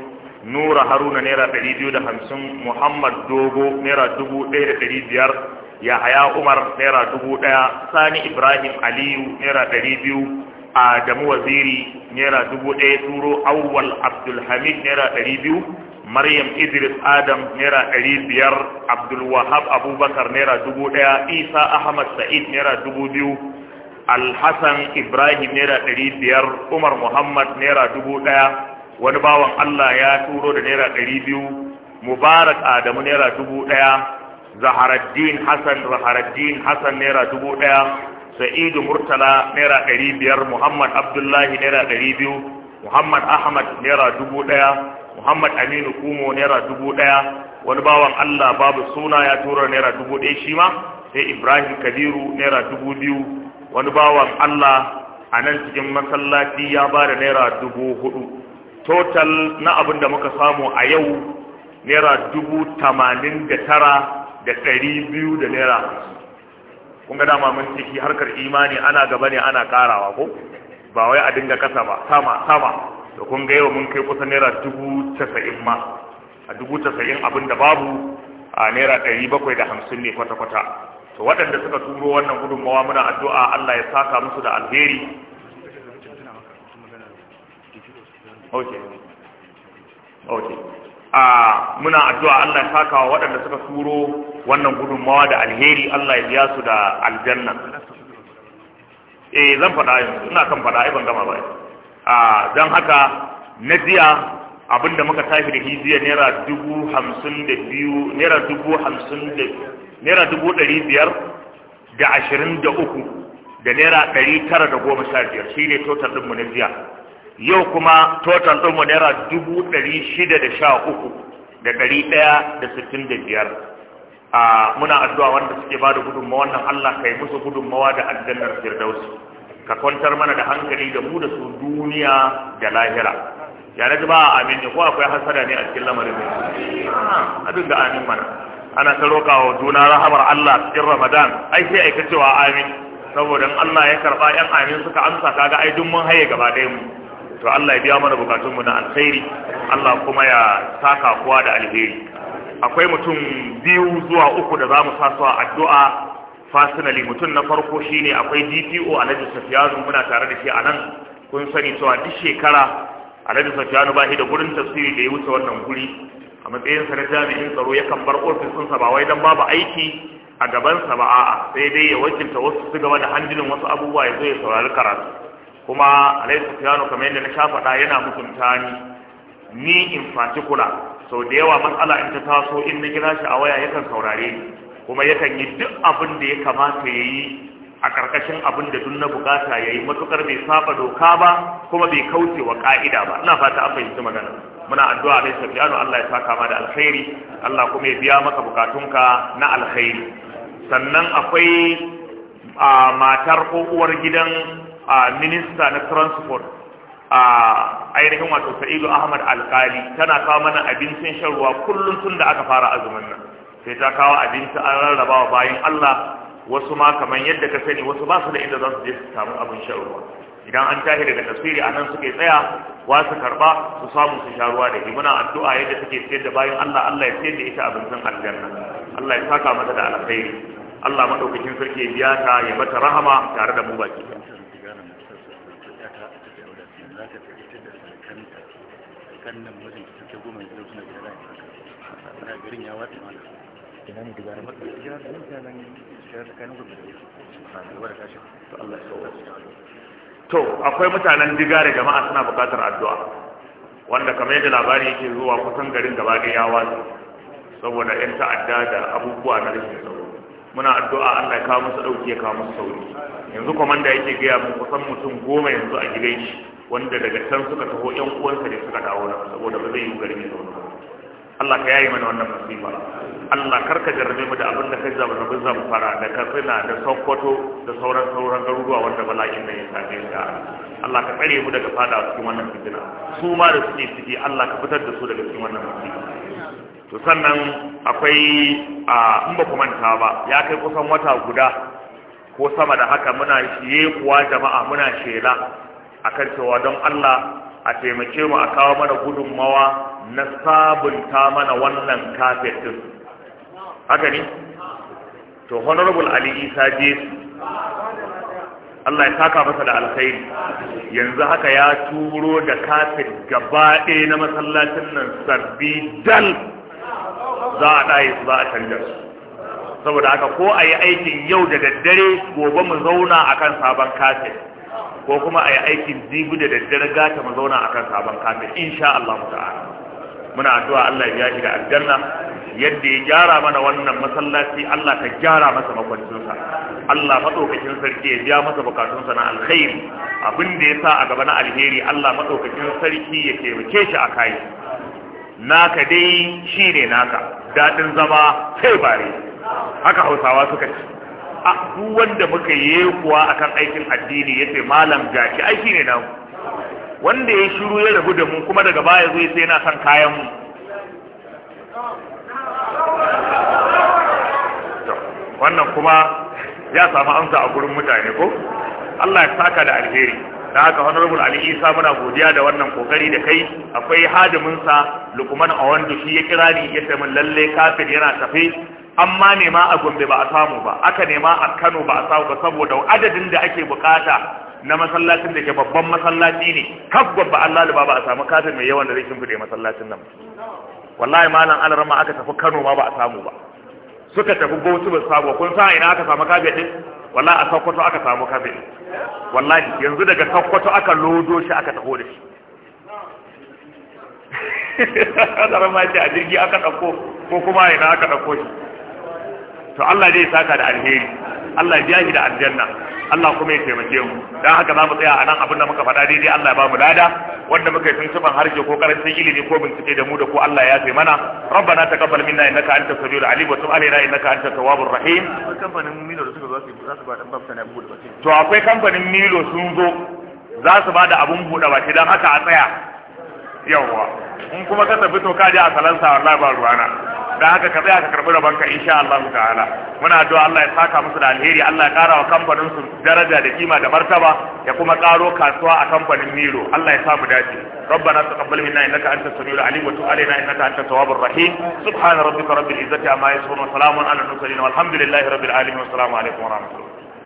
nura haruna naira ɗari biyu da hamsin muhammad dogo naira dubu ɗaya da ɗari biyar yahaya umar naira dubu ɗaya sani ibrahim aliyu naira ɗari biyu adamu waziri naira dubu ɗaya turo awwal abdulhamid naira ɗari biyu maryam idris adam naira ɗari biyar abdulwahab abubakar naira dubu ɗaya isa ahmad sa'id naira dubu biyu alhassan ibrahim naira ɗari biyar umar muhammad naira dubu ɗaya wani bawan Allah ya turo da naira ɗari biyu mubarak adamu naira dubu ɗaya zaharaddin hassan zaharaddin hassan naira dubu ɗaya sa'idu murtala naira ɗari biyar muhammad abdullahi naira ɗari biyu muhammad ahmad naira dubu ɗaya muhammad aminu kumo naira dubu ɗaya wani bawan allah babu suna ya da naira dubu ɗaya shi ma sai ibrahim kabiru naira dubu biyu wani bawan allah a nan cikin masallaci ya ba da naira dubu hudu total na abin da muka samu a yau naira dubu tamanin da tara da ɗari biyu da naira kun dama mun ciki harkar imani ana gaba ne ana karawa ko ba wai a dinga kasa ba sama sama da kun ga yau mun kai kusa naira dubu casa'in ma a dubu casa'in abin da babu a naira ɗari bakwai da hamsin ne kwata-kwata to waɗanda suka turo wannan gudunmawa muna addu'a Allah ya saka musu da alheri okay okay a muna addu'a Allah ya saka wa waɗanda suka turo wannan gudunmawa da alheri Allah ya biya su da aljanna eh zan faɗa yanzu ina kan faɗa ai ban gama ba a dan haka na jiya abinda muka tafi da hijiya naira dubu hamsin da biyu naira dubu hamsin da naira dubu ɗari biyar da ashirin da uku da naira ɗari tara da goma sha biyar shi ne total ɗinmu na jiya yau kuma total ɗinmu naira dubu ɗari shida da sha uku da ɗari ɗaya da sittin da biyar a muna addu'a wanda suke ba da gudunmawa wannan Allah kai musu gudunmawa da aljannar firdausi ka kwantar mana da hankali da mu da su duniya da lahira ya na ba a amin ne ko akwai hasada ne a cikin lamarin ne abin da amin mana ana ta roƙa wa juna rahamar Allah cikin Ramadan ai sai aika cewa amin saboda Allah ya karɓa 'yan amin suka amsa kaga ai duk mun haye gaba ɗaya mu to Allah ya biya mana bukatunmu na alkhairi Allah kuma ya saka kuwa da alheri akwai mutum biyu zuwa uku da zamu mu sa su a addu'a fasinali mutum na farko shine akwai DPO Alhaji Safiyanu muna tare da shi anan kun sani cewa duk shekara Alhaji Safiyanu ba shi da gurin tafsiri da ya wuce wannan guri a matsayinsa na jami'in tsaro yakan bar sa ba wai dan babu aiki a gabansa ba a'a sai dai ya wakilta wasu su gaba da handilin wasu abubuwa ya zo ya saurari karatu kuma alaihi sufyanu kamar yadda na sha faɗa yana mutunta ni ni in kula. sau da yawa matsala in ta taso in na kira shi a waya yakan saurare kuma yakan yi duk abin da ya kamata ya yi a ƙarƙashin abin da duk na bukata ya yi matuƙar bai saba doka ba kuma bai kauce wa ƙa'ida ba ina fata an fahimci magana muna addu'a alaihi Allah ya saka ma da alkhairi Allah kuma ya biya maka bukatunka na alkhairi sannan akwai a matar ko uwar gidan a minista na transport a ainihin wato sa'idu ahmad alkali tana kawo mana abincin shan ruwa kullum tun da aka fara azumin nan sai ta kawo abinci an rarraba wa bayan allah wasu ma kamar yadda ka sani wasu ba su da inda za su je su samu abin shan ruwa idan an tashi daga tasiri a nan suke tsaya wa su karba su samu su sha ruwa da muna addu'a yadda take sayar da bayan allah allah ya sayar da ita abincin aljanna allah ya saka mata da alkhairi allah madaukakin sarki ya biya ta ya mata rahama tare da mu baki gane matar su ta ta ta ta aure su za ta fitar da sarkanta kannan mijin ta ta goma da suna da na garin ya mana to akwai mutanen digare jama'a suna bukatar addu'a wanda kamar yadda labari yake zuwa kusan garin gaba ɗaya ya saboda 'yan ta'adda da abubuwa na rikin tsaro muna addu'a Allah ya kawo musu dauki ya kawo musu sauri yanzu komanda yake gaya mu kusan mutum goma yanzu a gidan shi wanda daga can suka taho yan uwansa ne suka dawo nan saboda ba zai yi garin da wannan Allah ka yayi mana wannan musiba Allah kar ka jarrabe mu da abin da kai zaba rabin zamu fara da kafina da Sokoto da sauran sauran garuruwa wanda bala'in nan ya same ka Allah ka tsare mu daga fada cikin wannan fitina su ma da suke ciki Allah ka fitar da su daga cikin wannan musiba to sannan akwai a in ba manta ba ya kai kusan wata guda ko sama da haka muna shiye kuwa jama'a muna shela akan cewa don Allah a taimake mu a kawo mana gudunmawa na sabunta mana wannan kafet din haka ne to honorable ali isa jesu Allah ya saka masa da alkhairi yanzu haka ya turo da kafet gaba ɗaya na masallacin nan sabbi dal za a ɗaye su za a canja su saboda haka ko a yi aikin yau da daddare gobe mu zauna a kan sabon kafin ko kuma a yi aikin jibi da daddare gata mu zauna a kan sabon kafin insha Allah ta'ala muna addu'a Allah ya shiga da aljanna yadda ya gyara mana wannan masallaci Allah ka gyara masa makwancinsa Allah madaukakin sarki ya biya masa bukatunsa na alkhairi abin da ya sa a gaba na alheri Allah madaukakin sarki ya taimake shi a kai naka dai shi ne naka daɗin zama sai bare haka hausawa suka ce a wanda muka yi kuwa akan aikin addini ya ce malam ga shi aiki ne namu wanda ya shiru ya rabu da mu kuma daga baya zai sai yana son kayan mu wannan kuma ya samu amsa a gurin mutane ko Allah ya saka da alheri da haka honorable ali isa muna godiya da wannan kokari da kai akwai hadiminsa lukman awando shi ya kira ni ya min lalle kafin yana tafe amma nema a gombe ba a samu ba aka nema a kano ba a samu ba saboda adadin da ake bukata na masallacin da ke babban masallaci ne kaf gwabba allah ba ba a samu kafin mai yawan da zai shimfiɗe masallacin nan wallahi malam alarma aka tafi kano ma ba a samu ba suka tafi bautu ba samu kun sa ina aka samu kafin din wala a sakkwato aka samu kabe, wallahi yanzu daga sakkwato aka lodo shi aka taho da shi zara ma ce a jirgi aka ɗauko ko kuma ina aka ɗauko shi to Allah zai saka da alheri Allah ya biya shi da aljanna Allah kuma ya taimake mu dan haka za mu tsaya a nan abin da muka faɗa daidai Allah ya ba mu lada wanda muka yi tuntuban harshe ko karancin ilimi ko bincike da mu da ko Allah ya mana rabbana taqabbal minna innaka antas samiul alim wa tub alaina innaka antat tawwabur rahim kamfanin Milo da suka zo su za su ba dan babta na to akwai kamfanin Milo sun zo za su ba da abun buɗe baki dan haka a tsaya yawwa in kuma ka tafi to kaje a salansa wallahi ba ruwana dan haka ka tsaya ka karbi rabon ka insha Allah ta'ala muna addu'a Allah ya saka musu da alheri Allah ya kara wa kamfanin su daraja da kima da martaba ya kuma karo kasuwa a kamfanin Miro Allah ya sa mu dace ربنا تقبل منا انك انت السميع العليم وتب علينا انك انت التواب الرحيم سبحان ربك رب العزه عما يصفون وسلام على المرسلين والحمد لله رب العالمين والسلام عليكم ورحمه الله